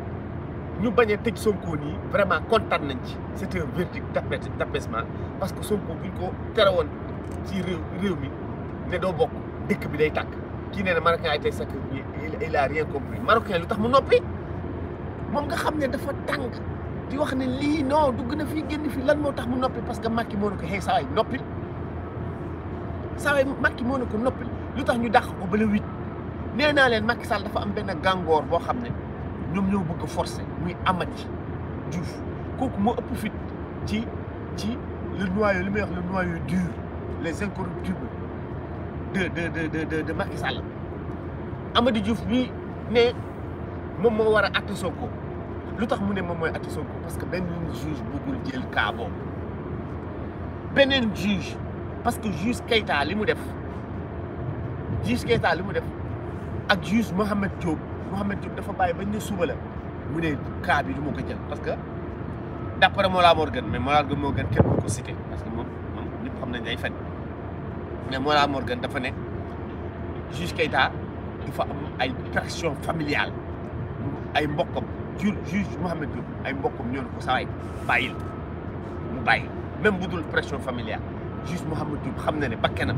ñu bañ a tëj Sonko nii vraiment kontaan nañ ci c'est un verdict d'apaisement parce que Sonko buñ ko tere woon ci réew réew mi ne doo bokk dëkk bi day takk kii nee na marocain ay tey sakk il a rien compris marocain lu tax mu noppi moom nga xam ne dafa tàng di wax ne lii non dugg na fii génn fii lan moo tax mu noppi parce que Macky moo ne ko xëy sawaay noppil sawaay Macky moo ne ko noppil lu tax ñu dàq ko ba le nee naa leen Macky Sall dafa am benn gàngoor boo xam ne ñoom ñoo bëgg a forcer muy Amady Diouf kooku moo ëpp fit ci ci le noyau li may wax le noyau dur les incorruptibles de de de de de Macky Sall Amady Diouf bi mais mom mo wara a àtte Sonko lu tax mu ne moom mooy parce que ben juge bëggul jël cas boobu beneen juge parce que juge Keita li def juge Keita li def ak juge Mohamed Diop. Mouhamed Diop dafa bàyyi bañ ne suba la mu ne cas bi du ma ko jël parce que d' après Mollah Morgan mais Mollah Morgan moo gën kenn du ko cité parce que moom moom ñëpp xam nañ day fen mais Mollah Morgan dafa ne juge Keita dafa am ay pression familiale ay mbokkam jur juge Mouhamed ay mbokkam ñoo ko sawaay bàyyil mu bàyyi même bu dul pression familiale juge Mouhamed Diop xam na ne bakkenam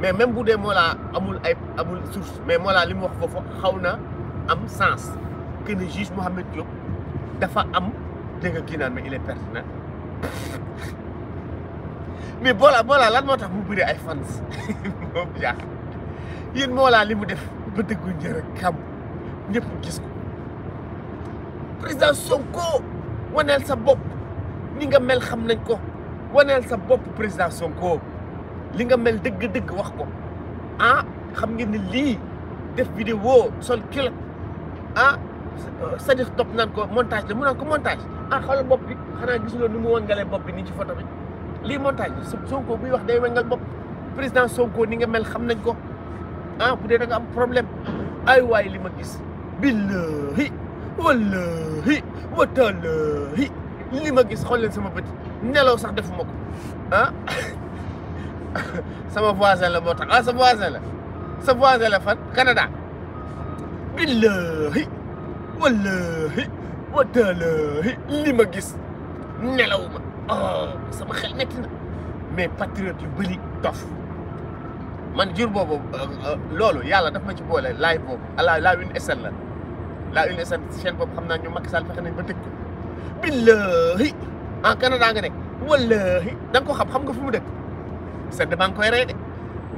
mais même bu moi là amul ay amul source mais moi là mu wax foofu xaw na am sens que le juge Mohamed Diop dafa am dégg nga kii mais il est pertinent mais Mollah Mollah lan moo tax mu bëri ay fans moom jaax yéen Mollah li mu def ba dëggu njër kam ñëpp gis ko président Sonko waneel sa bop ni nga mel xam nañ ko waneel sa bop président Sonko li nga mel dëgg-dëgg wax ko ah xam ngeen ni lii def vidéo sol kilot ah Sadikh Top naan ko montage la mu naan ko montage ah xoolal bopp bi xanaa gisuloo ni mu wangalee bopp bi nii ci foto bi lii montage bi Sonko buy wax day wangal bopp président Sonko ni nga mel xam nañ ko ah bu dee da am problème ay waay li ma gis billahi wallahi watalahi li ma gis xool leen sama bët nelaw sax defuma ko ah sama voisin la boo tax ah sa voisin la sa voisin la fan Canada billahi wallahi watalahi li ma gis nelaw ma oh ah, sama xel metti na mais patriote yu bëri dof man jur boobu euh, euh, loolu yàlla daf ma ci boole laay boobu ala laa une SN la laa une SN chaîne boobu xam naa ñu Macky nañ ba tëj ko billahi en Canada nga nekk wallahi da ko xam xam nga fu mu dëkk sedd dama koy rey de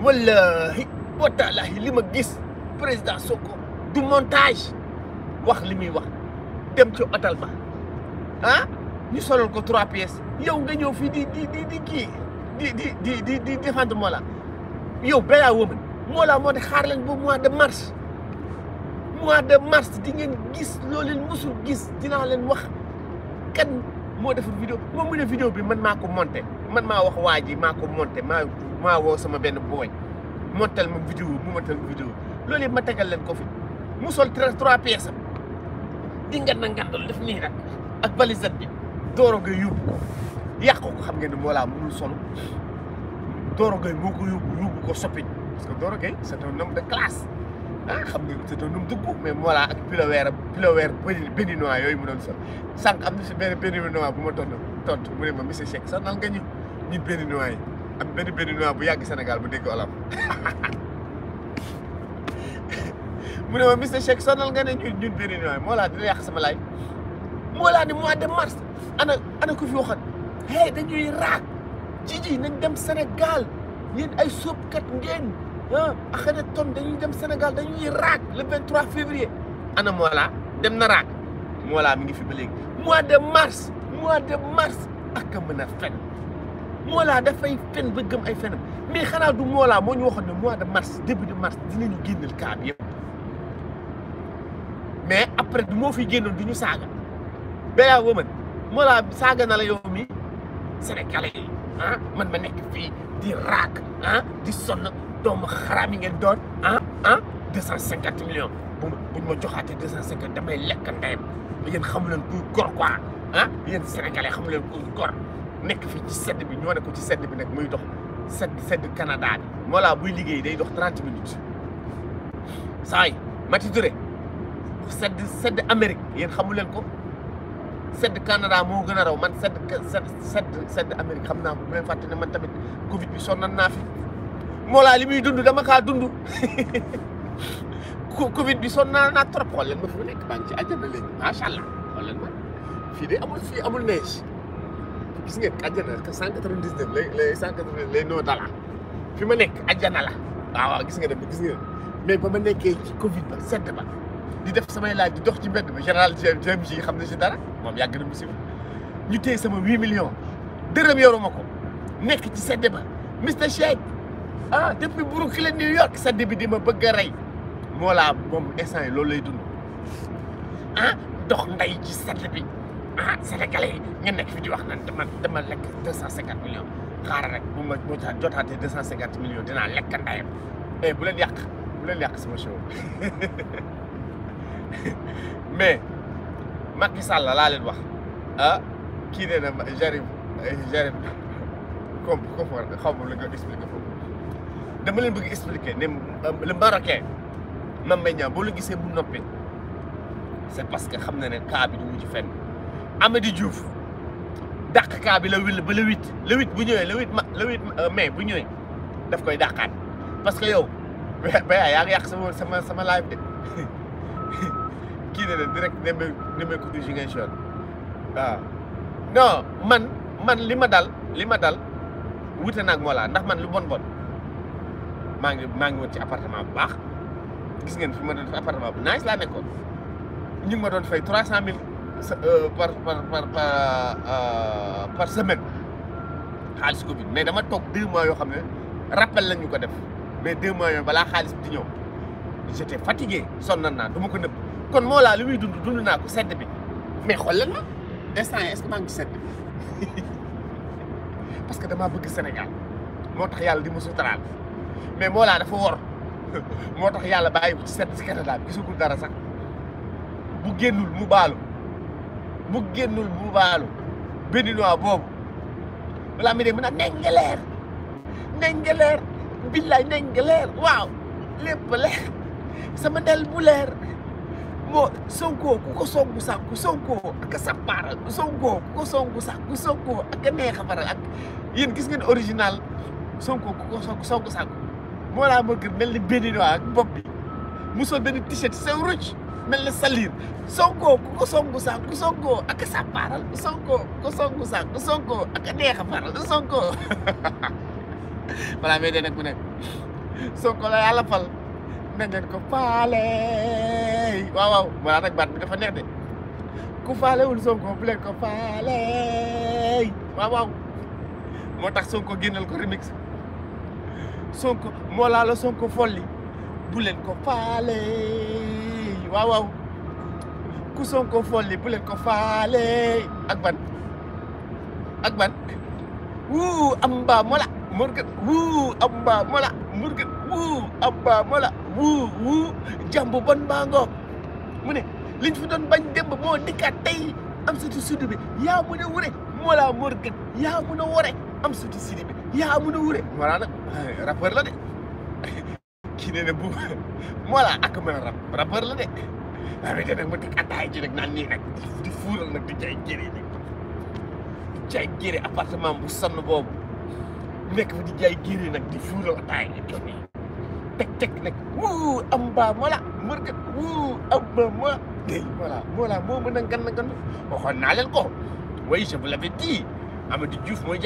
wallahi watalahi li ma gis president soko du montage wax limi wax dem ci hotel ba ha ñu solal ko 3 pièces yow nga ñew fi di di di di kii di di di di di défendre Mollah yow bella woman Mollah mo di xaar leen bu mois de mars mois de mars di ngeen gis lo leen musul gis dina leen wax kan moo defar vidéo moom mu ne vidéo bi man maa ko monté man maa wax waa ji maa ko monté maa maa woo sama benn booy montal ma vidéo mu montal ma vidéo loolu yëpp ma tegal leen ko fi mu sol trois pièces di ngan na ngandal def nii rek ak balisat bi Doro Gueye yóbbu ko yàq ko xam ngeen ne moo laa mënul solo dooro Gueye moo ko yóbbu yóbbu ko soppi parce que Doro Gueye c'est un de classe ah xam nga te doon nu mu dugg mais voilà ak piloweer piloweer béninois yooyu mu doon sol sànq am na si benn béninois bu ma tontu tontu mu ne ma monsieur Cheikh sax nga bu yàgg Sénégal bu dégg olaf mu ne ma monsieur Cheikh sonal ñun ñun béninois moo laa dina yàq sama laay moo laa ni mois de mars ana ana ku fi waxat hey dañuy raak jiji nañ dem Sénégal yéen ay sóobkat ngeen ah Akhenaton dañuy dem Sénégal dañuy raag le 23 février ana Mollah dem na raag Mollah mi ngi fi ba léegi mois de mars mois de mars ak a mën a fen Mollah dafay fen ba ay fenam mais xanaa du Mollah moo ñu waxoon ne mois de mars début de mars dinañu génnal cas bi mais après du moo fiy génnoon du ñu saaga béyaa waman Mollah saaga na la yow mi Sénégalais yi man ma nekk fii di raag di sonn doomu xaraam yi ngeen doon ah ah deux cent cinquante millions bu buñ ma joxaatee deux damay lekk ndeyam li ngeen xamu leen kuy gor quoi ah yéen sénégalais xamu leen kuy gor nekk fi ci sedd bi ñoo ne ko ci sedd bi nekk muy dox sedd sedd Canada bi moo laa buy liggéey day dox trente minutes saa yi Mati Touré sedd sedd Amérique yéen xamu leen ko sedd Canada moo gën a raw man sedd sedd sedd Amérique xam naa ko bu leen fàtte ne man tamit Covid bi sonal naa fi Mollah li muy dund dama kaa dund Covid bi sonn naa naa trop xool leen ma fi ma nekk maa ngi ci àjjana léegi macha allah xool leen ma fii de amul fii amul neige gis ngeen àjjana que 199 lay lay 199 lay noo dala fi ma nekk àjjana la waaw waaw gis nga dem gis nga mais ba ma nekkee ci Covid ba sedd ba di def samay laaj di dox ci mbedd bi général James ji xam ne si dara moom yàgg na musiba ñu téye sama 8 millions dërëm yoruma ko nekk ci sedd ba Mister Shake. ah depuis Brooklyn New York sa bi di ma bëgg a rey moo laa moom instant yi loolu lay dund ah dox nday ci sedd bi ah sénégalais nga nekk fi di wax na dama dama lekk deux cent cinquante millions xaaral rek bu ma moo tax jotaatee deux cent cinquante millions lekk ndayam eh bu leen yàq bu leen yàq sama show mais Macky Sall laa leen wax ah kii nee na j'arrive j'arrive comme comme xaw ma la nga expliqué dama leen bëgg expliquer ne le Marocain Mame Mbaye Niang gisee mu noppi c'est parce que xam na ne cas bi du mujj fenn Amady Diouf dàq cas bi la will ba le huit le huit bu ñëwee la huit ma le huit euh, mai bu ñëwee daf koy dàqaat parce que yow Baye yaa ngi yàq sama sama sama live de kii ne la direct Ndembe Ndembe Couture Ziguinchor waaw ah. non man man li ma dal li ma dal wute naag moo laa ndax man lu bon bon. maa ngi maa ngi woon ci appartement bu baax gis ngeen fi ma doon def appartement bu nice laa nekkoon ñu ngi ma doon fay trois cent mille euh, par par par par euh, semaine xaalis ko mais dama toog deux mois yoo xam ne rappel lañ ñu ko def mais deux mois balaa xaalis bi di ñëw j'étais fatigué sonnan naa du ko nëbb kon moo laa li muy dund dund naa ko sedd bi mais xool leen ma instant est maa ngi ci sedd parce que damaa bëgg Sénégal moo tax yàlla di ma suturaal mais Mollah dafa wor moo tax yàlla bàyyi ko ci certificat bi gisagul dara sax bu génnul mu baalu bu génnul mu baalu béninois boobu balaa mi de mën a nañ nga leer nañ nga leer billaay nañ nga leer waaw lépp leer sama del bu leer moo Sonko ku ko songu sax ku Sonko ak sappaaral Sonko ku ko songu sax ku Sonko ak neex a faral gis ngeen original Sonko ku ko songu sax moo laa ni béninois ak bopp bi mu sol benn t-shirt sew rucc mel salir sonkoo ku ko songu sax ku sonkoo ku songu sax ku sonkoo ak a neex a paaral sonkoo la yàlla fal na ngeen ko faale waaw waaw voilà nag baat bi dafa tax sonko génnal ko remix Sonko moo laa Sonko folli bu ko faale waaw ku Sonko folli bu leen ko faale ak ban ak ban wuu Amba Mola Morgan wuu Amba Mola Morgan wuu Amba Mola wuu wuu jàmbu bon baa ngoog mu ne bañ démb moo dikkaat tey am sutu sud bi yaa mën a wure Mola Morgan yaa mën a am sutu sud bi ya wure warana rappeur la de ki deh kini bu voilà aku mën a rap rappeur la de waaye te nag ma teg attaay ji nag naan nii nag di fuural nag di jaay gére nag di jaay gére appartement bu sann boobu nekk fa di jaay gére nag di fuural attaay gi teg teg nag wuu am baa mola mërkat wuu am baa mola day voilà mola moo mën a ngan na ngan waxoon naa leen ko oui je vous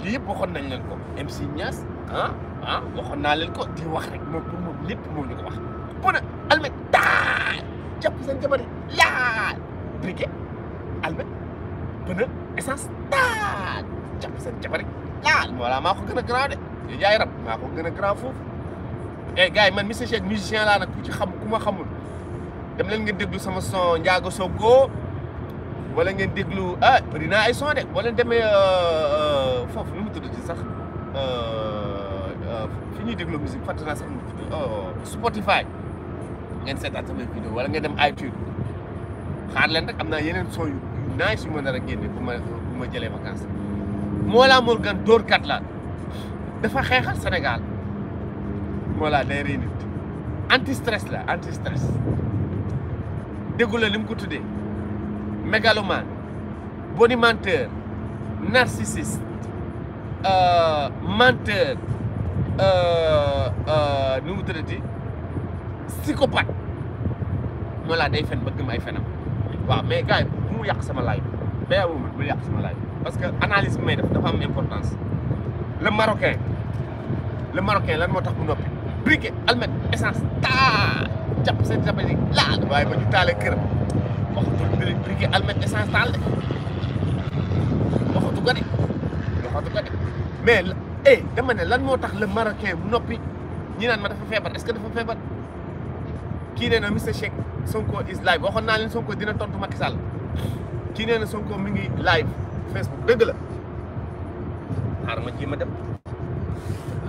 lii yëpp waxoon nañ leen ko MC Niass ah ah waxoon naa leen ko di wax rek moom pour lépp moo ñu ko wax bu ne almet taal jàpp sen jabar laal briquet almet pneu essence taal jàpp seen jabar laal voilà maa ko gën a grand de yow rab maa ko gën a foofu eh gars yi man Mister Shake musicien laa nag ku ci xam ku ma xamul dem leen nga déglu sama son Ndiago Sogo wala ngeen déglu ah bëri naa ay son de wala demee euh, euh, foofu nu mu tudd ci sax euh, fi ñuy déglu musique fàtte naa sax nu mu oh, wala ngeen dem iTunes xaar leen rek am naa yeneen son yu naaj yu ma nar a génne bu ma bu ma jëlee vacances Mollah Morgun dóorkat la dafa xeexal Sénégal Mollah day rey nit anti stress la anti stress déggu la li mu ko tuddee. mégalomane bonimenteur narcissiste euh, menteur euh, euh, nu mu tëddati psychopathe moo day fen ba gëm ay fenam waaw mais gars yi bu mu yàq sama laay bi ba woman bul sama laay parce que analyse bi may def dafa am importance le marocain le marocain lan moo tax mu noppi briquet almet essence taa jàpp seen jàpp yi laal waaye ba ñu kër waxatul briquet almet essence taal de waxatu ko de waxatu ko de mais eh dama ne lan moo tax la marocain bu noppi ñi naan ma dafa feebar est-ce que dafa feebar kii nee na monsieur Cheikh Sonko is live waxoon naa leen Sonko dina tontu Macky Sall kii nee Sonko mi ngi live Facebook dëgg la xaaral ma jéem a dem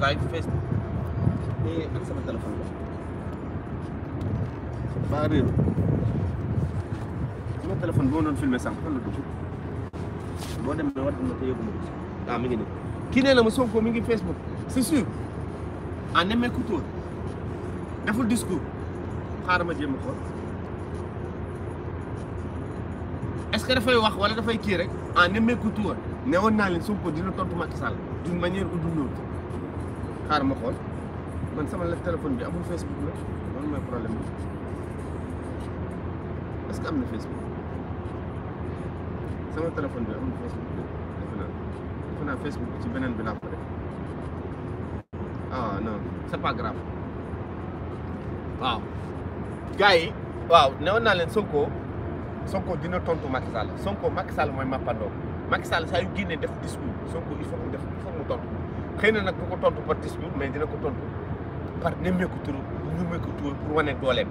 live Facebook eh ak sama téléphone ba réew sama téléphone bi ma filmé sànq fan la dugg boo demee war na te yëgu ma gis waaw mi ngi nii kii nee na ma Sonko mi ngi Facebook c' est sûr en émecouteur deful discours xaaral ma jéem a est ce que dafay wax wala dafay kii rek en émecouteur ne woon naa leen Sonko dina tontu Macky Sall d' manière ou d' autre xaaral ma xool man sama lef téléphone bi amul Facebook la loolu mooy problème est ce que Facebook. sama téléphone bi dafa am Facebook defe naa defe naa Facebook ci beneen bi laa ko def ah non c'est pas grave waaw gars yi waaw newoon naa leen Sonko Sonko dina tontu Macky Sall Sonko Macky Sall mooy mappandoo Macky Sall saa yu génnee def discours Sonko il faut mu def il faut mu tontu xëy na nag du ko tontu par discours mais dina ko tontu par nemmeeku tur nemmeeku tur pour wane dooleem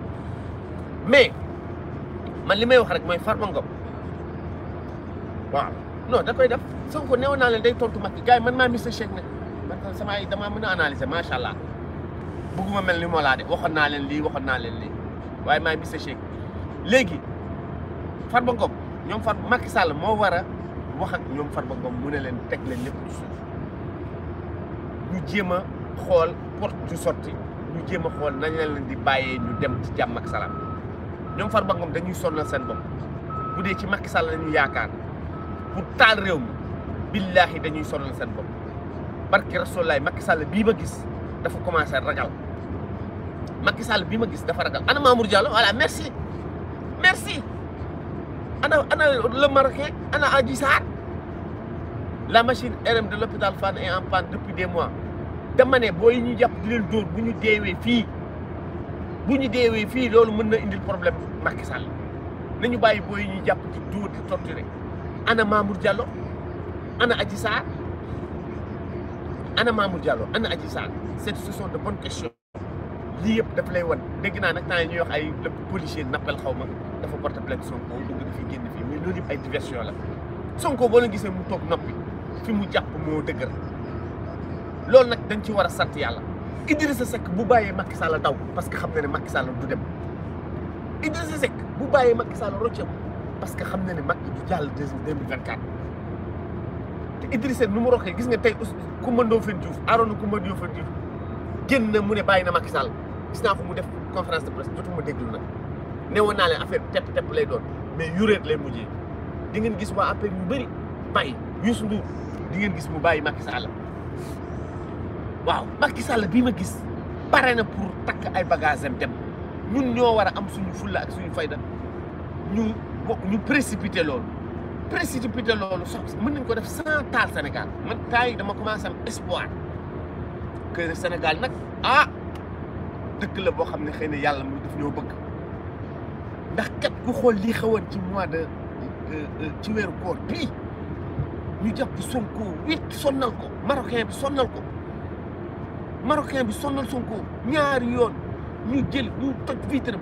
mais man li may wax rek mooy farma Ngom waaw non da koy def Sonko new naa leen day tontu Macky gars yi man maa Mister Shake nag man sama yi damaa mën a analyser macha allah bugguma mel ni moo laa de waxoon naa leen lii waxoon naa leen lii waaye maa Mister Shake léegi Farba Ngom ñoom Farba Macky Sall moo war a wax ak ñoom ba Ngom mu ne leen teg leen lépp ci suuf ñu jéem a xool porte du sortie ñu jéem a xool nañ leen di bàyyee ñu dem ci jàmm ak salaam ñoom Farba Ngom dañuy sonnal seen bopp bu ci Macky Sall lañu yaakaar. pour taal réew mi billaahi dañuy sonal seen bopp barki rasulaay Macky Sall bii ma gis dafa commencé ragal Macky Sall bii ma gis dafa ragal ana Mamour Diallo voilà merci merci ana ana le Marocain ana Adji la machine RM de l'hôpital Fann est en panne depuis des mois dama ne boo yi ñuy jàpp di leen dóor bu ñu deewee fii bu ñu deewee fii loolu mën na indil problème Macky Sall nañu bàyyi boo yi ñuy jàpp di dóor di torturer ana Mamour Diallo ana Adji sar ana Mamour Diallo ana Adji sar c'est ce sont de bonnes questions li yëpp daf lay won deug na nak tan ñu wax ay le policier nappel xawma dafa porte plainte Sonko dugg na fi genn fi mais lolu yëpp ay diversion la son ko bo leen gisee mu tok nopi fi mu japp mo dëgër lolu nak dañ ci wara a sant yàlla Idrissa sek bu baye Macky Sall daw parce que xam na ne Macky Sall du dem Idrissa sek bu baye Macky Sall rocceeku parce que xam ne ne Macky du jàll deux mille vingt quatre te Idrissa nu mu roxee gis nga tey Coumba Ndoffène Diouf Arona Coumba Ndoffène Diouf génn na mu ne bàyyi na Macky Sall gis naa ko mu def conférence de presse jotuma déglu nag newoon naa leen affaire tepp tepp lay doon mais yuréet lay mujjee di ngeen gis waa affaire yu bëri bàyyi Youssou di ngeen gis mu bàyyi Macky Sall waaw Macky Sall bii ma gis pare na pour takk ay bagages am ñun ñoo war a am suñu fulla ak suñu fayda bokk ñu précipité loolu précipité loolu sax mën nañ ko def sans taal Sénégal man taay yi dama commencé am espoir que Sénégal nag ah dëkk la boo xam ne xëy na yàlla mu daf ñoo bëgg ndax kat ku xool lii xewoon ci mois de ci weeru koor bii ñu jàpp Sonko wit sonnal ko marocain bi sonnal ko marocain bi sonnal Sonko ñaari yoon ñu jël ñu toj vitre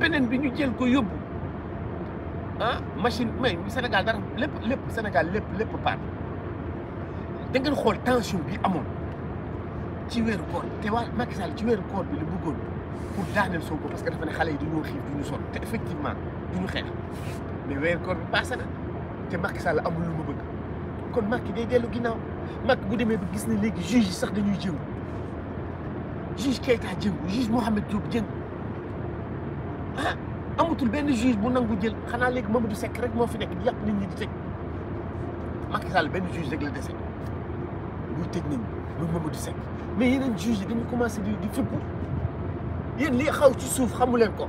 beneen bi ñu jël ko yóbbu ah machine mais Sénégal dara lépp lépp Sénégal lépp lépp paan da ngeen xool tension bi amoon ci weeru koor te waa Macky Sall ci weeru koor bi la bëggoon pour daaneel Sonko parce que dafa ne xale yi dañoo xiif duñu sonn te effectivement duñu xeex mais weeru koor bi passé na te Macky Sall amul lu mu bëgg kon Macky day dellu ginnaaw Macky bu demee ba gis ne léegi juge yi sax dañuy jëngu juge Keita jëngu juge Mohamed Diop jëngu ah amatul benn juge bu nangu jël xanaa léegi Mamadou Seck rek moo fi nekk di yàq nit ñi di tëj Macky Sall benn juge rek la dese buy tëj nit nañ muy Mamadou Seck mais yeneen juge yi dañu commencé di di fépp yéen li xaw ci suuf xamu leen ko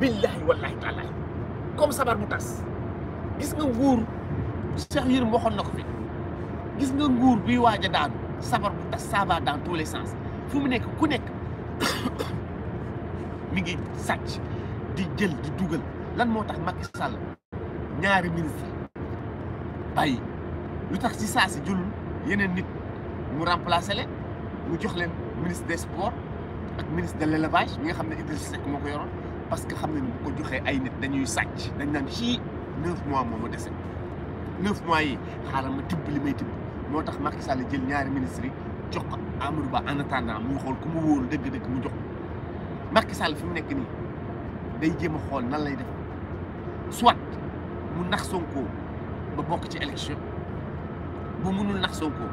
billahi wallahi taala comme sabar bu tas gis nga nguur Cheikh Yérim waxoon na ko fi gis nga nguur bi waaj a daanu sabar bu tas ça va dans tous les sens fu mu nekk ku nekk mi ngi sàcc di jël di dugal lan motax Macky Sall ñaari ministre bay lu tax ci saa si jëlul yeneen nit mu remplacer leen mu jox len ministre des sports ak ministre de l'élevage nga xamné Idriss Idrissa Seck moo ko parce que xamné bu ko joxé ay nit dañuy sàcc dañ nan ci 9 mois moo dessé 9 mois yi xaaral ma tib li may tibb moo Macky Sall jël ñaari ministre jox ko Amadou Ba en attendant muy xol ku mu deug deug mu jox Macky Sall fimu nek ni day jéem a xool nan lay def soit mu nax Sonko ba bokk ci élection bu mënul nax Sonko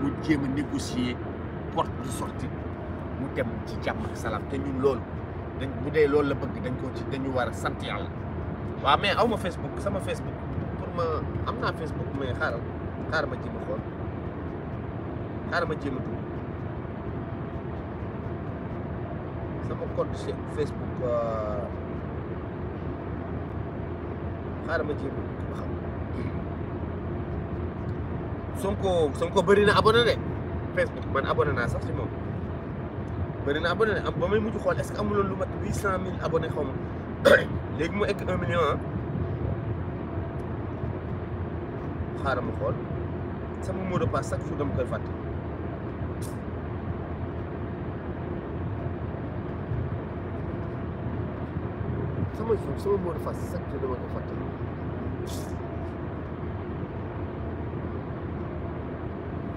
mu jéem a négocier porte de sortie mu dem ci jàmm ak salaam te ñun loolu dañ bu dee loolu la bëgg dañ koo ci dañu war a sant yàlla waaw mais aw ma Facebook sama Facebook pour ma am naa Facebook mais xaaral xaaral ma jéem a xool xaaral ma jéem a sama compte Facebook euh, xaaral ma ci ma xam Sonko Sonko bëri na abonné de Facebook man abonné naa sax ci moom bëri na abonné am ba may mujj xool est-ce amuloon lu mat huit cent mille abonné xaw ma léegi mu egg un million xaaral ma xool sama mot de passe chaque jour dama koy fàtte. sama sama mot de face chaque jour dama ko fàtte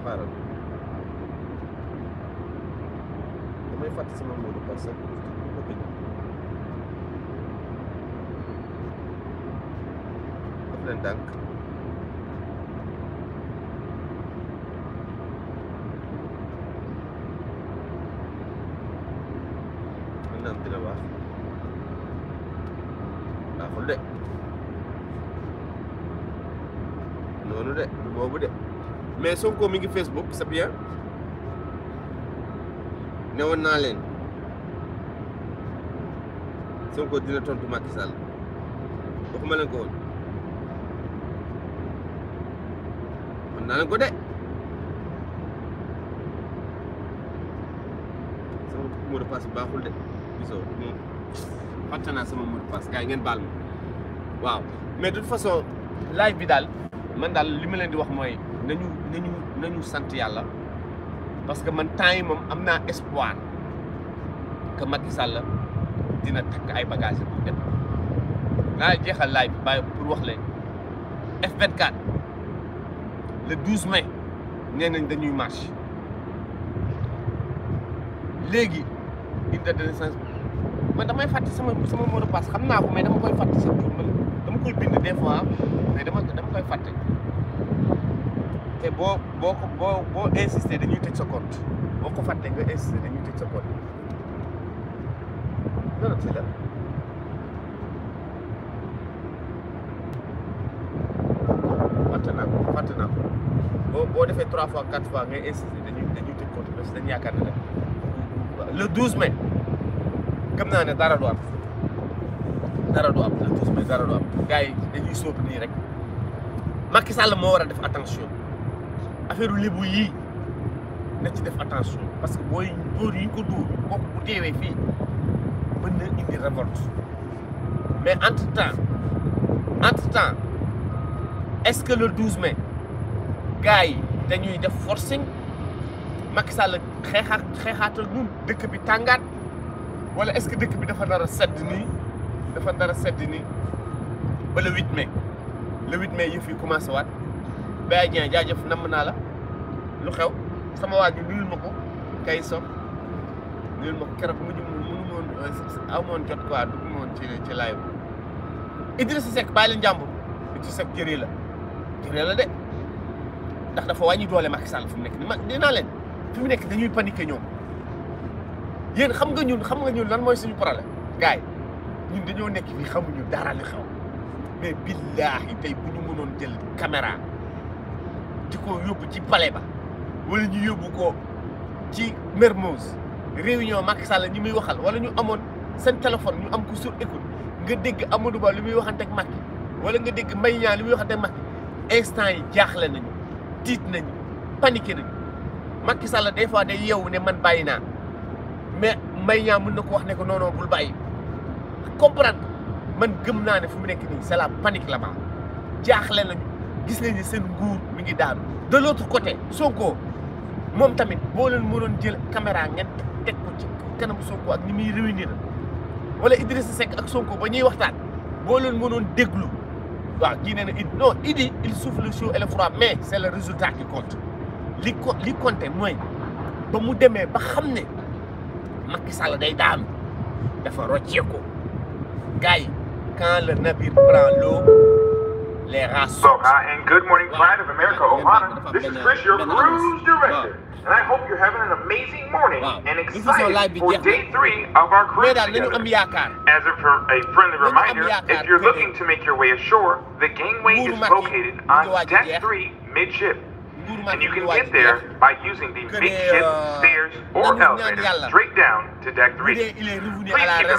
xaaral damay fàtte sama mot de passe chaque jour ma bind daf leen dànk mais Sonko mi ngi Facebook c'est bien ne woon naa leen Sonko dina tontu Macky Sall waxuma leen ko woon mën naa leen ko de sama mot de baaxul de gisoo moom fàtte naa sama mot de ngeen baal ma waaw mais de toute façon live bi daal man daal li ma leen di wax mooy. nañu nañu nañu sant yàlla parce que man temps yi moom am naa espoir que Macky Sall dina takk ay bagages pour dem naa jeexal lay bi bàyyi pour wax leen F24 le 12 mai nee nañ dañuy marche léegi une date de naissance man damay fàtte sama sama mot de passe xam naa ko mais dama koy fàtte sa tur dama koy bind des fois mais dama dama koy fàtte. te boo boo ko boo boo insister dañuy tëj sa compte boo ko fàtte nga insister dañuy tëj sa compte loolu ci la ko fàtte boo defee trois fois quatre fois ngay insister dañuy dañuy tëj compte parce que dañu yaakaar le douze mai gëm naa ne dara du am dara du am le douze mai dara du am gars dañuy sóobu nii rek Macky Sall moo war a def attention. affaire lébu yii na ci def attention parce que boy door yi ko door kooku bu deewee fii mën na indi révolte mais entre temps entre temps est-ce que le 12 mai gars yi dañuy def forcing Macky Sall xeexaat xeexaatal ñun dëkk bi tangat wala est-ce que dëkk bi dafa dara a sedd nii dafa dara a sedd nii ba le 8 mai le 8 mai yëf yi commencé waat. Baye Dieng jaajëf namm naa la lu xew sama waa ji nuyul ma ko kay soog nuyul ma ko mu mënu ma woon euh, amoon jot quoi dugg ma woon ci ci laay bi Idrissa Seck bàyyi leen la jëree la de ndax dafa wàññi doole Macky Sall fi mu nekk ni mag dinaa leen fi mu nekk dañuy paniqué ñoom yéen xam nga ñun xam nga ñun lan mooy suñu problème gars yi ñun dañoo nekk fii xamuñu dara li xew mais billaahi tey bu ñu mënoon jël caméra. di ko yóbbu ci palais ba wala ñu yóbbu ko ci Mermoz réunion Macky Sall ñi muy waxal wala ñu amoon seen téléphone ñu am ko sur écoute nga dégg Amadou Ba li muy waxante ak Macky wala nga dégg Mbaye Niang li muy waxante ak Macky instant yi jaaxle nañu tiit nañu paniki nañu Macky Sall des fois day yeewu ne man bàyyi naa mais Mbaye Niang mën na ko wax nekk ko non non bul bàyyi comprendre man gëm naa ne fu mu nekk nii c'est la panique là-bas jaaxle nañu gis nañ ne seen nguur mi ngi daanu de l' autre côté Sonko moom tamit boo leen mënoon jël caméra ngeen teg ko ci kanam Sonko ak ni muy réunir wala Idrissa Seck ak Sonko ba ñuy waxtaan boo leen mënoon déglu waaw kii nee na Idi non Idi il souffle le chaud et froid mais c' est le résultat qui compte li ko mooy ba mu demee ba xam ne Macky sàll day daanu dafa rocceeku gars yi quand le navire prend l'eau So, uh, and good morning, Pride of America, Ohana. This is uh, Chris, your cruise director. And I hope you're having an amazing morning and excited for day three of our cruise together. As a, a friendly reminder, if you're looking to make your way ashore, the gangway is located on deck three midship. And you can get there by using the makeshift uh, stairs or elevator straight down to deck 3. Please keep in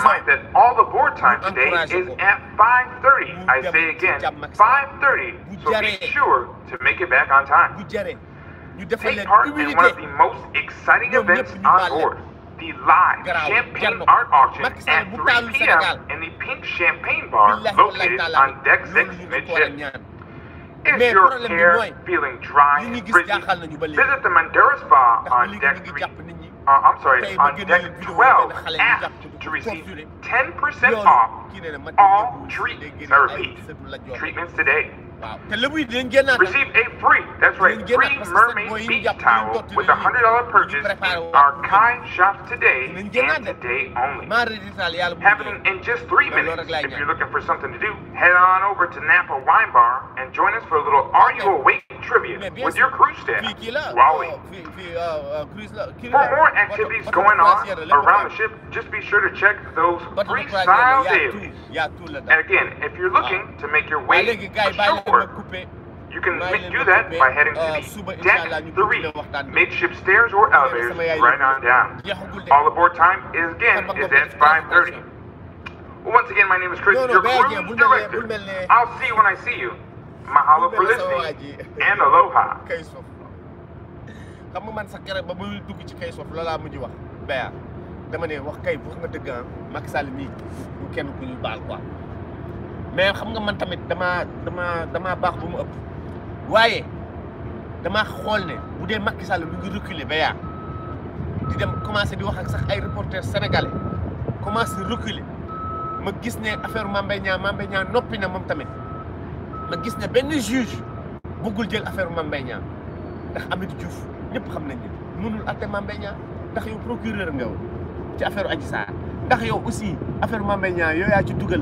mind that all the board time today is at 5.30. I say again, 5.30, so be sure to make it back on time. Take part in one of the most exciting events on board the live champagne art auction at 3 p.m. in the Pink Champagne Bar located on deck 6 midship. If you're here feeling dry and frizzy, visit the Mandara Spa on deck 3. Uh, I'm sorry, on deck 12 F to receive 10% off all treatments. I repeat, treatments today. Wow. Receive a free, that's right, free mermaid beach towel with a $100 purchase in our kind shop today and today only. Happening in just three minutes. If you're looking for something to do, head on over to Napa Wine Bar and join us for a little Are You Awake trivia with your crew, staff, Wally. Oh, uh, uh, for more activities going on around the ship, just be sure to check those freestyle dailies. And again, if you're looking ah. to make your way to shore port. You can do that by heading to uh, the deck, 3, midship stairs or elevators right on down. Eh. All aboard time is again is eh, at 5.30. Once again, my name is Chris, your cruise director. I'll see you when I see you. Mahalo for listening and aloha. man mais xam nga man tamit dama damaa damaa baax bu mu ëpp waaye damaa xool ne bu dee Macky Sall lu ngi reculer ba yaa di dem commencé di wax ak sax ay reporters sénégalais commencé reculer ma gis ne affaire Mame Mbaye Niang Mame Mbaye noppi na moom tamit ma gis ne benn juge bëggul jël affaire Mame Mbaye Niang ndax Amady Diouf ñëpp xam nañ ne mënul atte Mame Mbaye Niang ndax yow procureur nga woon ci affaire Adji Sarr ndax yow aussi affaire Mame Mbaye Niang yow yaa ci dugal.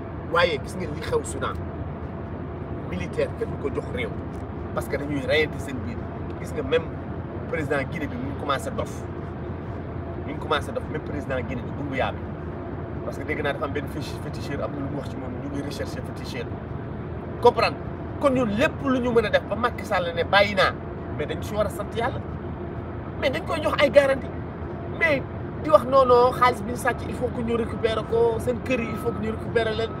waaye gis nga li xew Soudan militaire kenn du ko jox réew parce que dañuy reyante seen biir gis nga même président Guinée bi mu ngi commencé dof mu ngi commencé dof même président Guinée bi dungu yaa bi parce que dégg naa dafa am benn féticheur am na lu mu wax ci moom ñu ngi recherché féticheur comprendre kon ñu lépp lu ñu mën a def ba Macky Sall ne bàyyi naa mais dañ si war a sant yàlla mais dañ koy jox ay garantie mais di wax non non xaalis bi ñu sàcc il faut ñu récupérer ko seen kër yi il faut que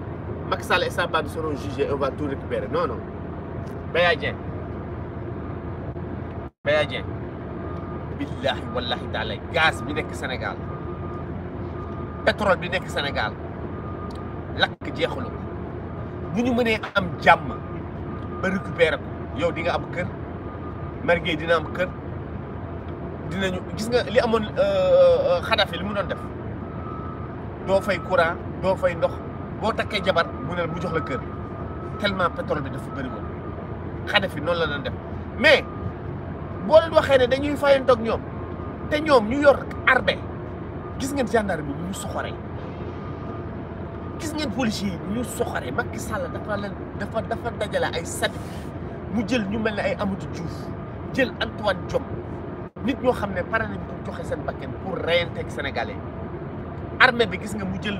Macky Sall et sa bande seront jugés on va tout récupérer non non Mbaye Dieng Mbaye bi nekk Sénégal pétrole bi nekk Sénégal lakk jeexul ko bu ñu mënee am jàmm ba récupérer ko yow di nga am kër Merguez dina am kër dinañu gis nga li amoon euh, euh, Kadhafi li mu doon def doo fay courant doo fay ndox boo takkee jabar mu ne mu jox la kër tellement pétrole bi dafa bëri woon fi noonu la doon dem mais boo waxee ne dañuy fayantoog ñoom te ñoom ñu yor arbe gis ngeen gendarme bi ñu soxoree gis ngeen policier yi ñu soxoree Macky Sall dafa leen dafa dafa dajale ay sadi mu jël ñu mel ne ay Amadou Diouf jël Antoine Diome nit ñoo xam ne pare nañ pour joxe seen bakkan pour reyanteeg Sénégalais armée bi gis nga mu jël.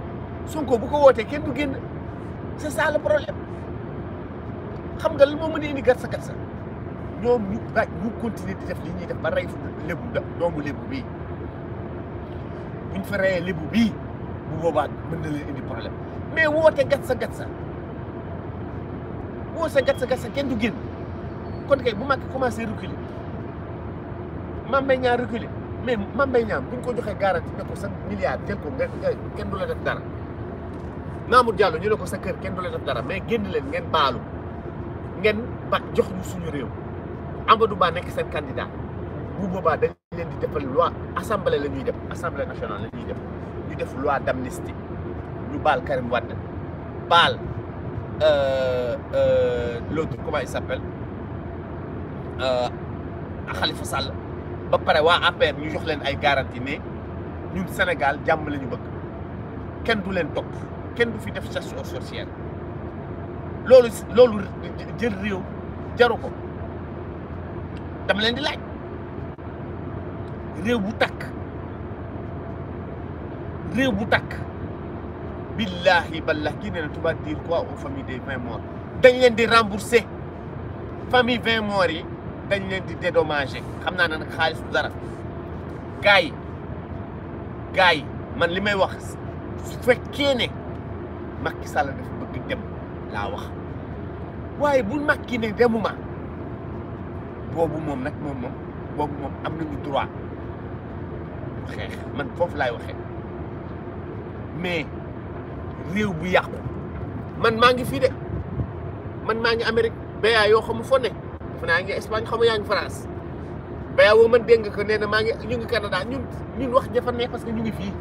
Sonko bu ko wootee kenn du génn c'est ça le problème xam nga lu ma mën a indi gatsa gatsa ñoom ñu baaj ñu continuer di def li ñuy def ba rey lébu doomu lébu bii buñ fa reyee lébu bii bu boobaa mën na leen indi problème mais woote gatsa gatsa woo sa gatsa gatsa kenn du génn kon kay bu mag commencé reculer Mame Mbaye Niang reculer mais Mame Mbaye Niang buñ ko joxee garantie ne ko sa milliard jël ko kenn du la def dara namur Diallo ñu lako sa kër kenn do leen def dara mais genn leen ngeen balu ngeen ba jox ñu suñu réew Amadou Ba nek sen candidat bu boba dañ leen di defal loi assemblée lañuy def assemblée nationale lañuy def ñu def loi d'amnistie ñu bal Karim euh euh l'autre comment il s'appelle euh, Khalifa Sall ba paré wa APR ñu jox leen ay garantie mais ñun Sénégal jamm lañu bëgg kenn du leen top kenn du fi def sa aux sorcières loolu jël réew jaru ko dama leen di laaj réew bu takk réew bu takk billahi ballah kii nee na tubaab dire quoi aux familles des vingt morts dañ leen di rembourser famille vingt morts yi dañ leen di dédommager xam naa ne nag xaalis dara gars yi man li may wax su fekkee ne Macky Sall dafa bëgg dem laa wax waaye bu Macky ne demuma boobu moom nag moom moom boobu moom am na droit xeex man foofu laay waxee mais réew bu yàqu man maa ngi fii de man maa ngi Amérique béyaa yoo xamu fo ne dafa naa ngi Espagne xamu yaa ngi France béyaa woo man dégg nga ko nee na maa ngi ñu ngi Canada ñun ñun wax jafa ne parce que ñu ngi fii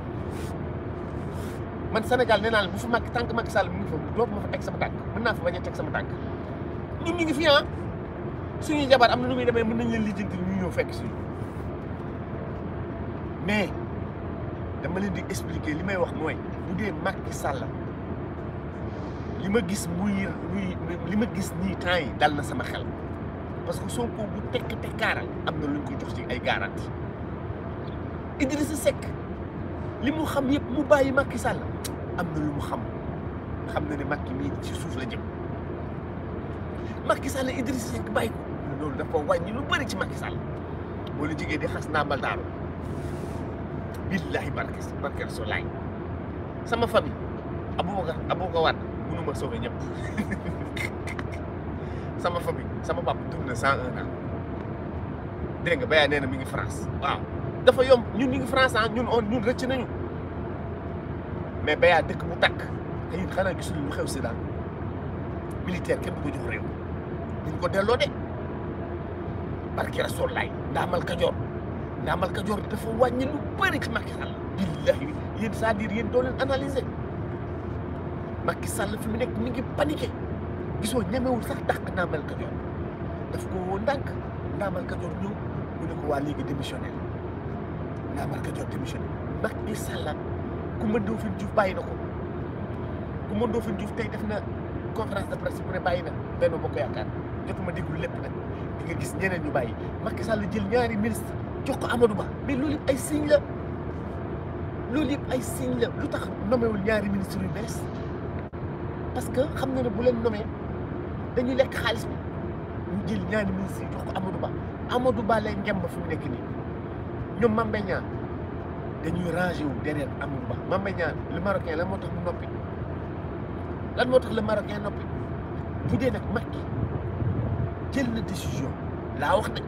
man Sénégal nee naa la bu fi Macky tànk Macky Sall mu ngi fa dootuma fa teg sama tànk mën naa fa bañ teg sama tànk ñun ñu ngi fi ah suñuy jabar am na lu muy demee mën nañ leen lijjanti ñu ñëw fekk si mais dama leen di expliquer li may wax mooy bu dee Macky Sall li ma gis muy muy li ma gis nii temps yi dal na sama xel parce que Sonko bu tekk tekkaaral am na lu ñu koy jox ci ay garanti Idrissa Seck. li mu xam yëpp mu bàyyi Macky Sall am na lu mu xam xam na ne Macky mii ci suuf la jëm Macky Sall Idrissa Seck bàyyi ko loolu dafa wàññi lu bëri ci Macky Sall wala jigéen di xas naa mbal daal billahi barke barke Rasulaay sama famille Aboubacar Aboubacar Wade mënuma sauvé ñëpp sama famille sama papa dund na 101 ans nga Baye nee na mi ngi France waaw. dafa yomb ñun ñu ngi France ah, ñun on ñun rëcc nañu mais ba Bayat dëkk bu tàkk te it xanaa gisuñu lu xew si daal militaire kenn du ko jox réew duñ ko delloo de barki a laay ndaamal kajoor ndaamal kajoor dafa wàññi lu bëri ci Macky Sall yéen c'est-à-dire yéen doo leen analyser Macky nekk mi ngi paniqué gisoo ñemewul sax ko woo ndànk ndaamal kajoor ñëw waa léegi démissionnaire la Barka Diop démissionné Macky Sall Coumba Ndoffène Diouf bàyyi na ko Coumba Ndoffène Diouf tey def na conférence de presse bu ne bàyyi na Benno Bokk Yaakaar jotuma déglu lépp nag di nga gis ñeneen ñu bàyyi Macky Sall jël ñaari ministre jox ko Amadou Ba mais ay signe la loolu ay signe lu tax nomewul ñaari ministre yu bees que xam na ne bu leen nomee dañuy lekk xaalis bi ñu jël ñaari ministre yi Ba Amadou Ba lay ngemb fi mu nekk nii. ñoom Mame Mbaye dañuy rangé wu derrière Amadou Ba Mame Mbaye Niang le Marocain lan moo tax mu noppi lan moo tax le Marocain noppi bu dee nag Macky jël na décision laa wax nag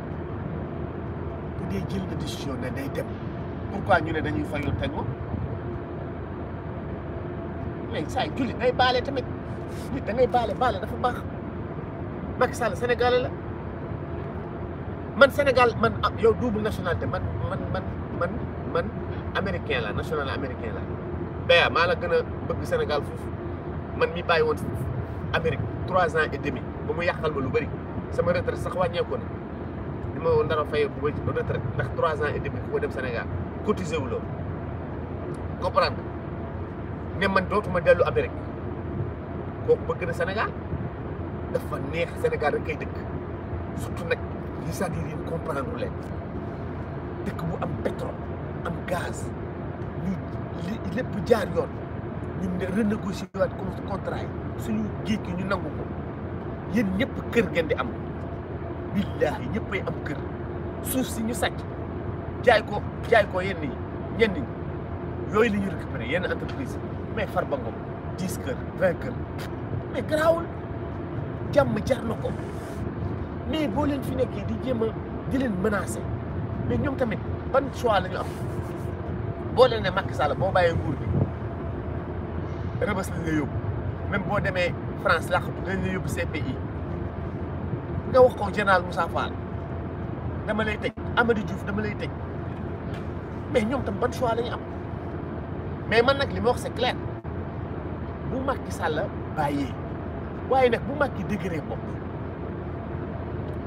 bu dee jël na décision ne day dem pourquoi ñu ne dañuy fayul teg moom mais saa yu jullit day baale tamit nit da ngay baale baale dafa baax Macky Sall sénégalais la. man Sénégal man ah, yow double nationalité man man man man man américain la national américain la baya maa la gën a bëgg Sénégal foofu man mi bàyyi woon Amérique trois ans et demi ba mu yàqal ma lu bëri sama retraite sax wàññeeku na li ma woon dara fayee bu ba retraite ndax trois ans et demi ku ko dem Sénégal cotisé wu loolu comprendre ne man dootuma dellu Amérique kooku bëgg na Sénégal dafa neex Sénégal rek kay dëkk surtout nag li c'est-à-dire yéen comprendre dëkk bu am pétrole am gaz ñu lépp jaar yoon ñun ne renégocier waat contrat yi suñu géej gi ñu nangu ko yéen ñëpp kër ngeen di am billaahi ñëppay am kër suuf si ñu sàcc jaay ko jaay ko yenn ñi ñenn ñi yooyu la ñu récupéré yenn entreprise mais Farba Ngom dix kër vingt kër mais garaawul jàmm jar na ko mais boo leen fi nekkee di jéem a di leen menacé mais ñoom tamit ban choix la ñu am boo leen ne Macky Sall boo bàyyee nguur bi rëbës lañ la yóbbu même boo demee France làqatu lañ la yóbbu CPI nga wax ko général Moussa dama lay tëj Amady Diouf dama lay tëj mais ñoom tam ban choix la am mais man nag li ma wax c'est clair bu Macky Sall bàyyee waaye nag bu Macky dëgëree bopp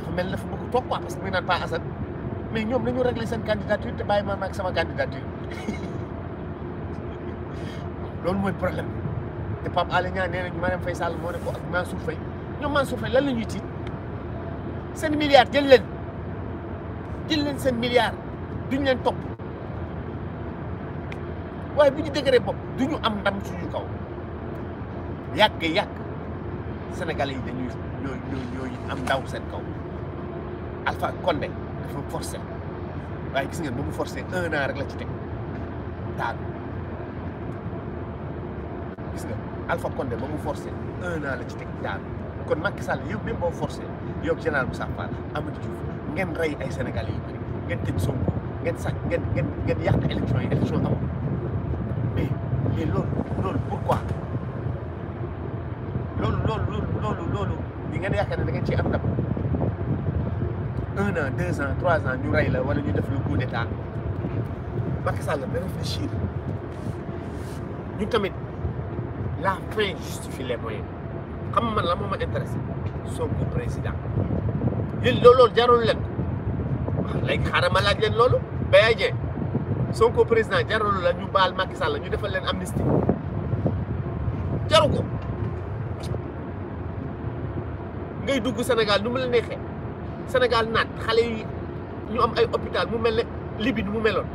dafa mel dafa bëgg toog quoi parce que muy naan Pa Assane mais ñoom nañu réglé seen candidature te bàyyi ma ak sama candidature loolu mooy problème te Pape Alé Niang nee nañu Marième Faye Sall moo ne ko ak Mansour Faye ñoom Mansour Faye lan la ñuy tiit seen milliard jël leen jël leen seen milliard duñ leen topp waaye bu ñu dëgëree bopp du ñu am ndam suñu kaw yàgg yàgg senegal yi dañuy ñooy ñooy am ndaw seen kaw Alpha Condé dafa forcé waaye gis ngeen ba mu forcé un an rek la ci teg daanu gis nga Alpha Condé ba mu forcé un an la ci teg daanu kon Macky Sall yow même boo forcé yow général bu Fall Amadou Diouf ngeen rey ay sénégalais yu bëri ngeen tëj Sonko ngeen sàcc ngeen ngeen ngeen yàq yi élection amul mais mais loolu loolu pourquoi loolu loolu loolu ngeen yaakaar ne da ngeen ciy am un an deux ans trois ans ñu rey la wala ñu def le coup d'état Macky Sall na réfléchir ñu tamit la fin justifie les moyens xam man la moom ma intéressé Sonko président yéen loolu jarul leen wax ah, xaaral ma laaj leen loolu Mbaye Dieng Sonko président jarul la ñu baal Macky Sall ñu defal leen amnistie jaru ko ngay dugg Sénégal nu mu la neexee. Sénégal naat xale yi ñu am ay hôpital mu mel ne Libye mu meloon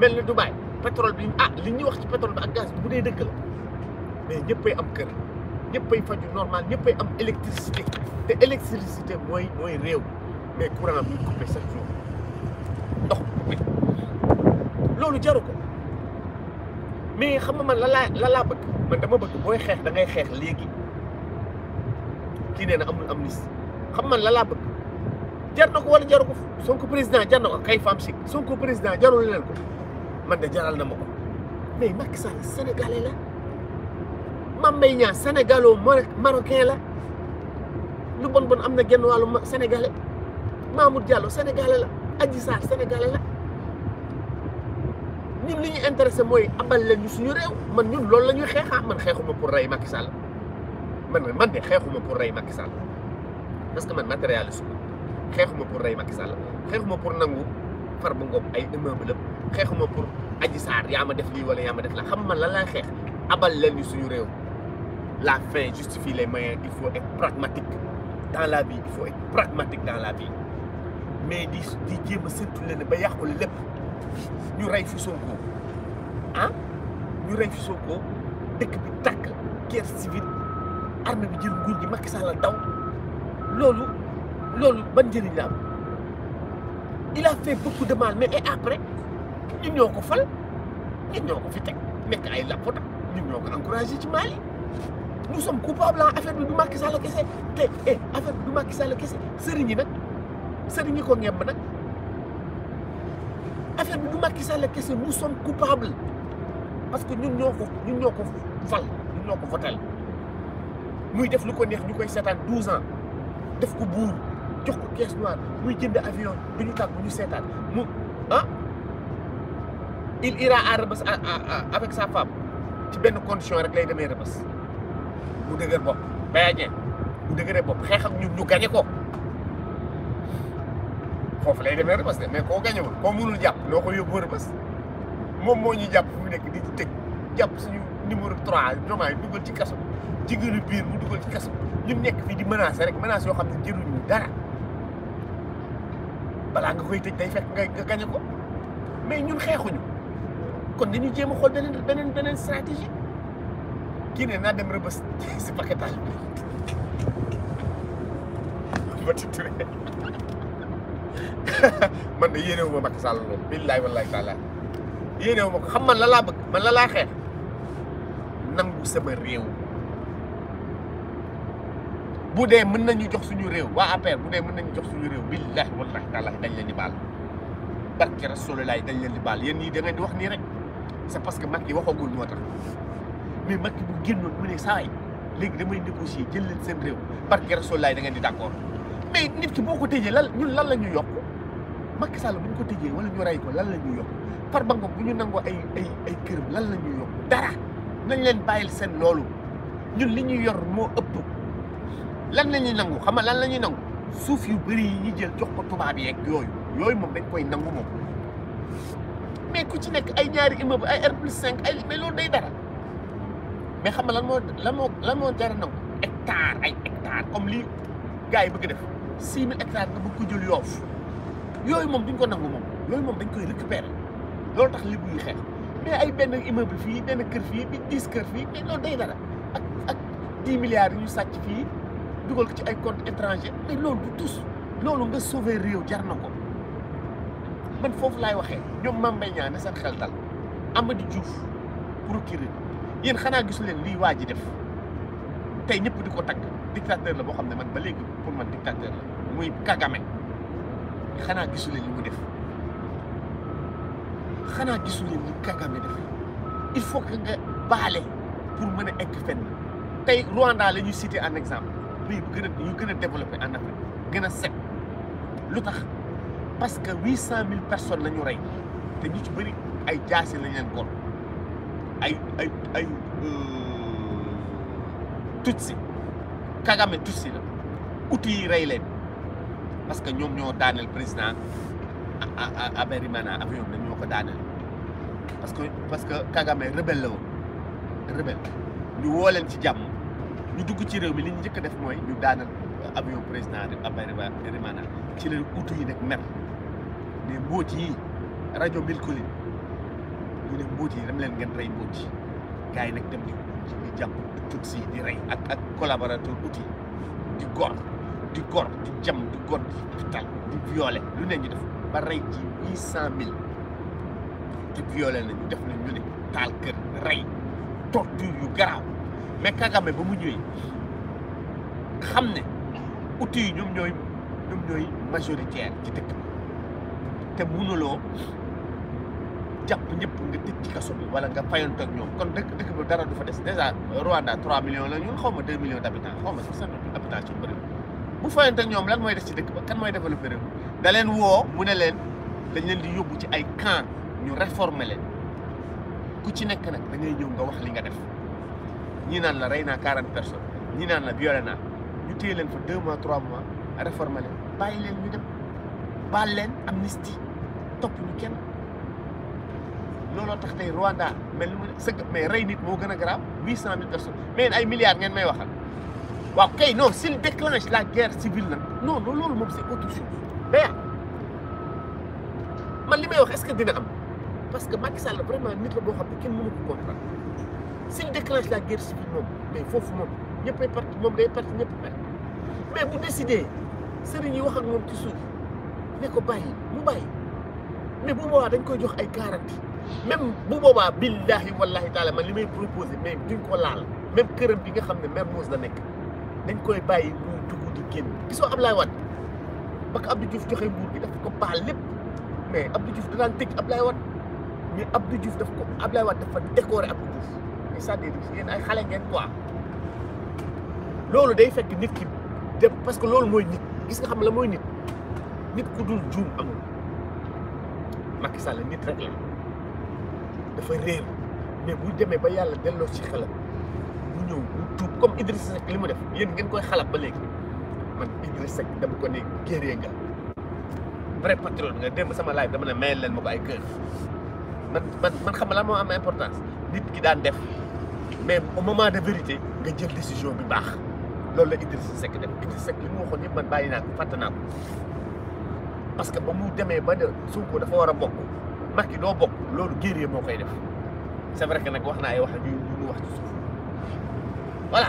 mel ne Dubaï pétrole bi ah li ñuy wax ci pétrole bi ak gaz bu dee dëgg la mais ñëppay am kër ñëppay faju normal ñëppay am électricité te électricité mooy mooy réew mais courant bi coupé chaque jour loolu jaru ko mais xam nga man la laa la laa bëgg man dama bëgg booy xeex da ngay xeex léegi kii nee na amul amnistie xam man la bëgg jar na ko wala jaru ko Sonko président jar na ko kay fam si Sonko président jarul leen ko man de jaral na ma ko mais Macky Sall sénégalais la Mame Mbaye Niang la lu bon am na genn wàllu sénégalais Mamour Diallo sénégalais la Adji Sarr ñun li ñu intéressé mooy abal leen ñu suñu réew man ñun loolu la ñuy xeexaa ah man xeexuma pour rey Macky Sall man man de xeexuma pour rey Macky parce que man matérialiste xeexuma pour rey Macky Sall xeexuma pour nangu Farba Ngom ay immeuble xeexuma pour Adji Sarr yaa ma def lii wala yaa ma def la xam man lan laay xeex abal leen ñu suñu réew la fin justifie les moyens il faut être dans la vie il faut être dans la vie mais di di jéem a séntu leen ba yàqul lépp ñu rey fi Sonko ah ñu rey fi Sonko dëkk bi tàkk guerre civile armée bi jël nguur gi Macky Sall daw loolu. il a fait beaucoup de mal mais et après ñun il fait. fal ñun fait mais fi il encouragé Mali nous sommes coupables affaire nous, du Macky Sall kese eh, affaire du Macky Sall Nous fait. Nous ko affaire nous sommes coupables parce que nous sommes ko Nous nous fal ñun fait. Nous avons fait def lu ans def jox ko pièce noire muy jënd avion bi ñu tàggu ñu seetaan mu ah il ira à Rebeuss avec sa femme ci benn condition rek lay demee Rebeuss mu dëgër bopp Mbaye Dieng mu dëgëree bopp xeex ñu gañe ko foofu lay demee Rebeuss de mais koo gañewul koo mënul jàpp loo ko yóbbu Rebeuss moom moo ñu jàpp fu mu nekk di tëj jàpp suñu numéro 3 domaine dugal ci kaso jigéenu biir mu dugal ci kaso ñun nekk fii di menacer rek menace yoo xam ne jëruñu dara balaa nga koy tëj day fekk nga gañe ko mais ñun xeexuñu kon dañu jéem a xool beneen beneen beneen stratégie kii ne naa dem rëbës si paquetage bi ba tituré man de yéenewu ma Macky loolu billaay wallaay taala yéenewu ko xam man la laa bëgg man la laa xeex nangu sama réew bu dee mën nañu jox suñu réew waa APR bu dee mën nañu jox suñu réew billahi wallahi taala dañ leen di baal barke rasulilaay dañ leen di baal yéen ñii da ngeen di wax nii rek c'est parce que Macky waxagul moo tax mais Macky bu génnoon mu ne saa yi léegi damay négocier jël leen seen réew barke rasulilaay da ngeen di d'accord mais nit ki boo ko tëjee lan ñun lan la ñu yokk Macky Sall bu ñu ko tëjee wala ñu rey ko lan la ñu yokk Farba Ngom bu ñu nangoo ay ay ay këram lan la ñu yokk dara nañ leen bàyyil seen loolu ñun li ñu yor moo ëpp. lan la ñuy nangu xam nga lan la ñuy nangu suuf yu bëri yi ñu jël jox ko tubaab yeeg yooyu yooyu moom dañ koy nangu moom mais ku ci nekk ay ñaari immeuble ay R plus cinq ay mais loolu day dara mais xam nga lan moo lan moo lan moo jar a nangu hectare ay hectare comme lii gaa yi bëgg def six mille hectares nga bëgg jël yoof yooyu moom duñ ko nangu moom yooyu moom dañ koy récupérer loolu tax li buy xeex mais ay benn immeuble fii benn kër fii bi dix kër fii mais loolu day ak ak dix milliards yu ñu sàcc fii dugal ci ay compte étranger mais loolu du tus loolu nga sauver réew jar na ko man foofu laay waxee ñoom Mame Mbaye Niang ne seen xel dal di Diouf procureur yéen xanaa gisu leen lii waa ji def tey ñëpp di ko tagg dictateur la boo xam ne man ba léegi pour man dictateur la muy Kagame xanaa gisu leen li mu def xanaa gisu leen li Kagame def il faut que nga baale pour mën a egg fenn tey Rwanda la ñuy cité en exemple pays bu gën gën a développé en Afrique gën a set lu tax parce que huit cent mille personnes nañu rey te ñu ci bëri ay jaasi lañ leen góor ay ay ay euh, si Kagame tutsi la outil rey leen parce que ñoom ñoo daaneel président Aberimana avion ñoo ko daaneel parce que parce que Kagame rebelle la woon rebelle ñu woo leen ci jàmm. ñu dugg ci réew mi li njëkk def mooy ñu daanal avion président Ababacar Rimana ci leen utu yi nag mer ne mbóot yi rajo Milkolin ñu ne mbóot yi dama leen ngeen rey mbóot yi gars yi nag dem di di jàpp tutsi di rey ak ak collaborateur uti di gor di gor di jam di gor di tal di violé lu ne ñu def ba rey ci huit cent mille di violé nañu def na ñu ne taal kër rey torture yu garaaw mais Kagame ba mu ñëwee xam ne outils yi ñoom ñooy ñoom ñooy majoritaire ci dëkk bi te loo jàpp ñëpp nga tëj ci kaso bi wala nga fayantoo ak ñoom kon dëkk dëkk bi dara du fa des déjà Rwanda 3 millions la ñun xaw ma 2 millions d'habitants xaw ma 600 habitants ci bëri bu fayantoo ñoom lan mooy des ci dëkk ba kan mooy développé réew da leen woo mu ne leen dañ leen di yóbbu ci ay camp ñu réformer leen ku ci nekk nag dañuy ngay ñëw nga wax li nga def. ñii naan la rey naa quarante personnes ñi naan la violé naa ñu téye leen fa deux mois trois mois réformer leen bàyyi leen ñu dem baal leen amnistie topp ñu kenn looloo tax tey Rwanda mel ni mu sëgg mais rey nit moo gën a grave huit cent mille personnes mais ay milliards ngeen may waxal waaw kay non s'il déclenche la guerre civile na non non loolu moom c'est autre chose mais ah, man li may wax est-ce que dina am parce que Macky Sall vraiment nit la boo xam ne kenn mënu ko comprendre s'il déclenche la guerre civile moom mais foofu moom ñëppay perte moom day perte ñëpp perte mais bu décidé sëriñ yi wax ak moom ci suuf ne ko bàyyi mu bàyyi mais bu boobaa dañ koy jox ay garantie même bu boobaa billahi wallahi taala man li may proposé mais duñ ko laal même këram bi nga xam ne Mermoz la nekk dañ koy bàyyi mu dugg di génn gisoo Ablaye Wade ba ko Abdou Diouf joxe nguur gi dafa ko baal lépp mais Abdou Diouf da daan tëj Ablaye Wade mais Abdou Diouf daf ko Ablaye Wade dafa c'est-à-dire yéen ay xale ngeen quoi loolu day fekk nit ki dem parce que loolu mooy nit gis nga xam la mooy nit nit ku dul juum amul Macky Sall nit rek la dafa réer mais bu demee ba yàlla delloo ci xelam mu ñëw mu tuub comme Idrissa Seck li mu def yéen ngeen koy xalab ba léegi man Idrissa Seck dama ko ne guerrier nga vrai patriote nga dem sama live dama ne mayal leen ma ko ay kër man man man xam la moo am importance nit ki daan def mais moment de vérité nga jël décision bi baax loolu la Idrissa Seck def Idrissa Seck li mu waxoon yëpp man bàyyi naa ko fàtte naa ko parce que ba mu demee ba ne Sonko dafa war a bokk Macky doo bokk loolu guerrier moo koy def c'est vrai que nag wax naa ay wax yu ñu wax ci suuf voilà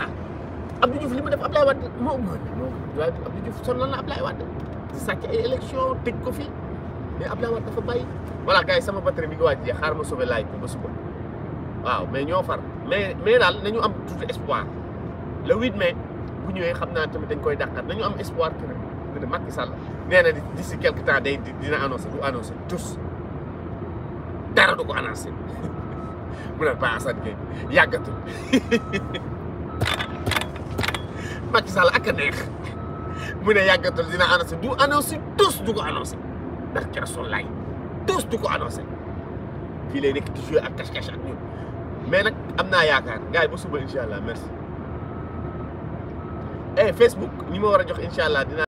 Abdou Diouf li mu def Ablaye Wade moo moom waaye Abdou Diouf sonal na sàcc ay élection tëj ko fi mais Ablaye Wade dafa bàyyi voilà gars sama batterie bi ngi waaj jeex xaar ma sauver laay ko waaw mais ñoo far mais mais daal nañu am toujours espoir le 8 mai bu ñëwee xam naa tamit dañ koy dàqaat nañu am espoir que ne que Macky Sall nee na d'ici quelque temps day dina annoncé du annoncé tous du ko annoncé mu ne Paa Assane Gueye yàggatul Macky Sall ne yàggatul dina annoncé du annoncé tous du ko annoncé ndax keroog laay tous du ko annoncé fii lay ak cache mais nag am naa yaakaar gars yi ba suba incha allah merci. eh Facebook ñi ma war a jox incha allah dinaa.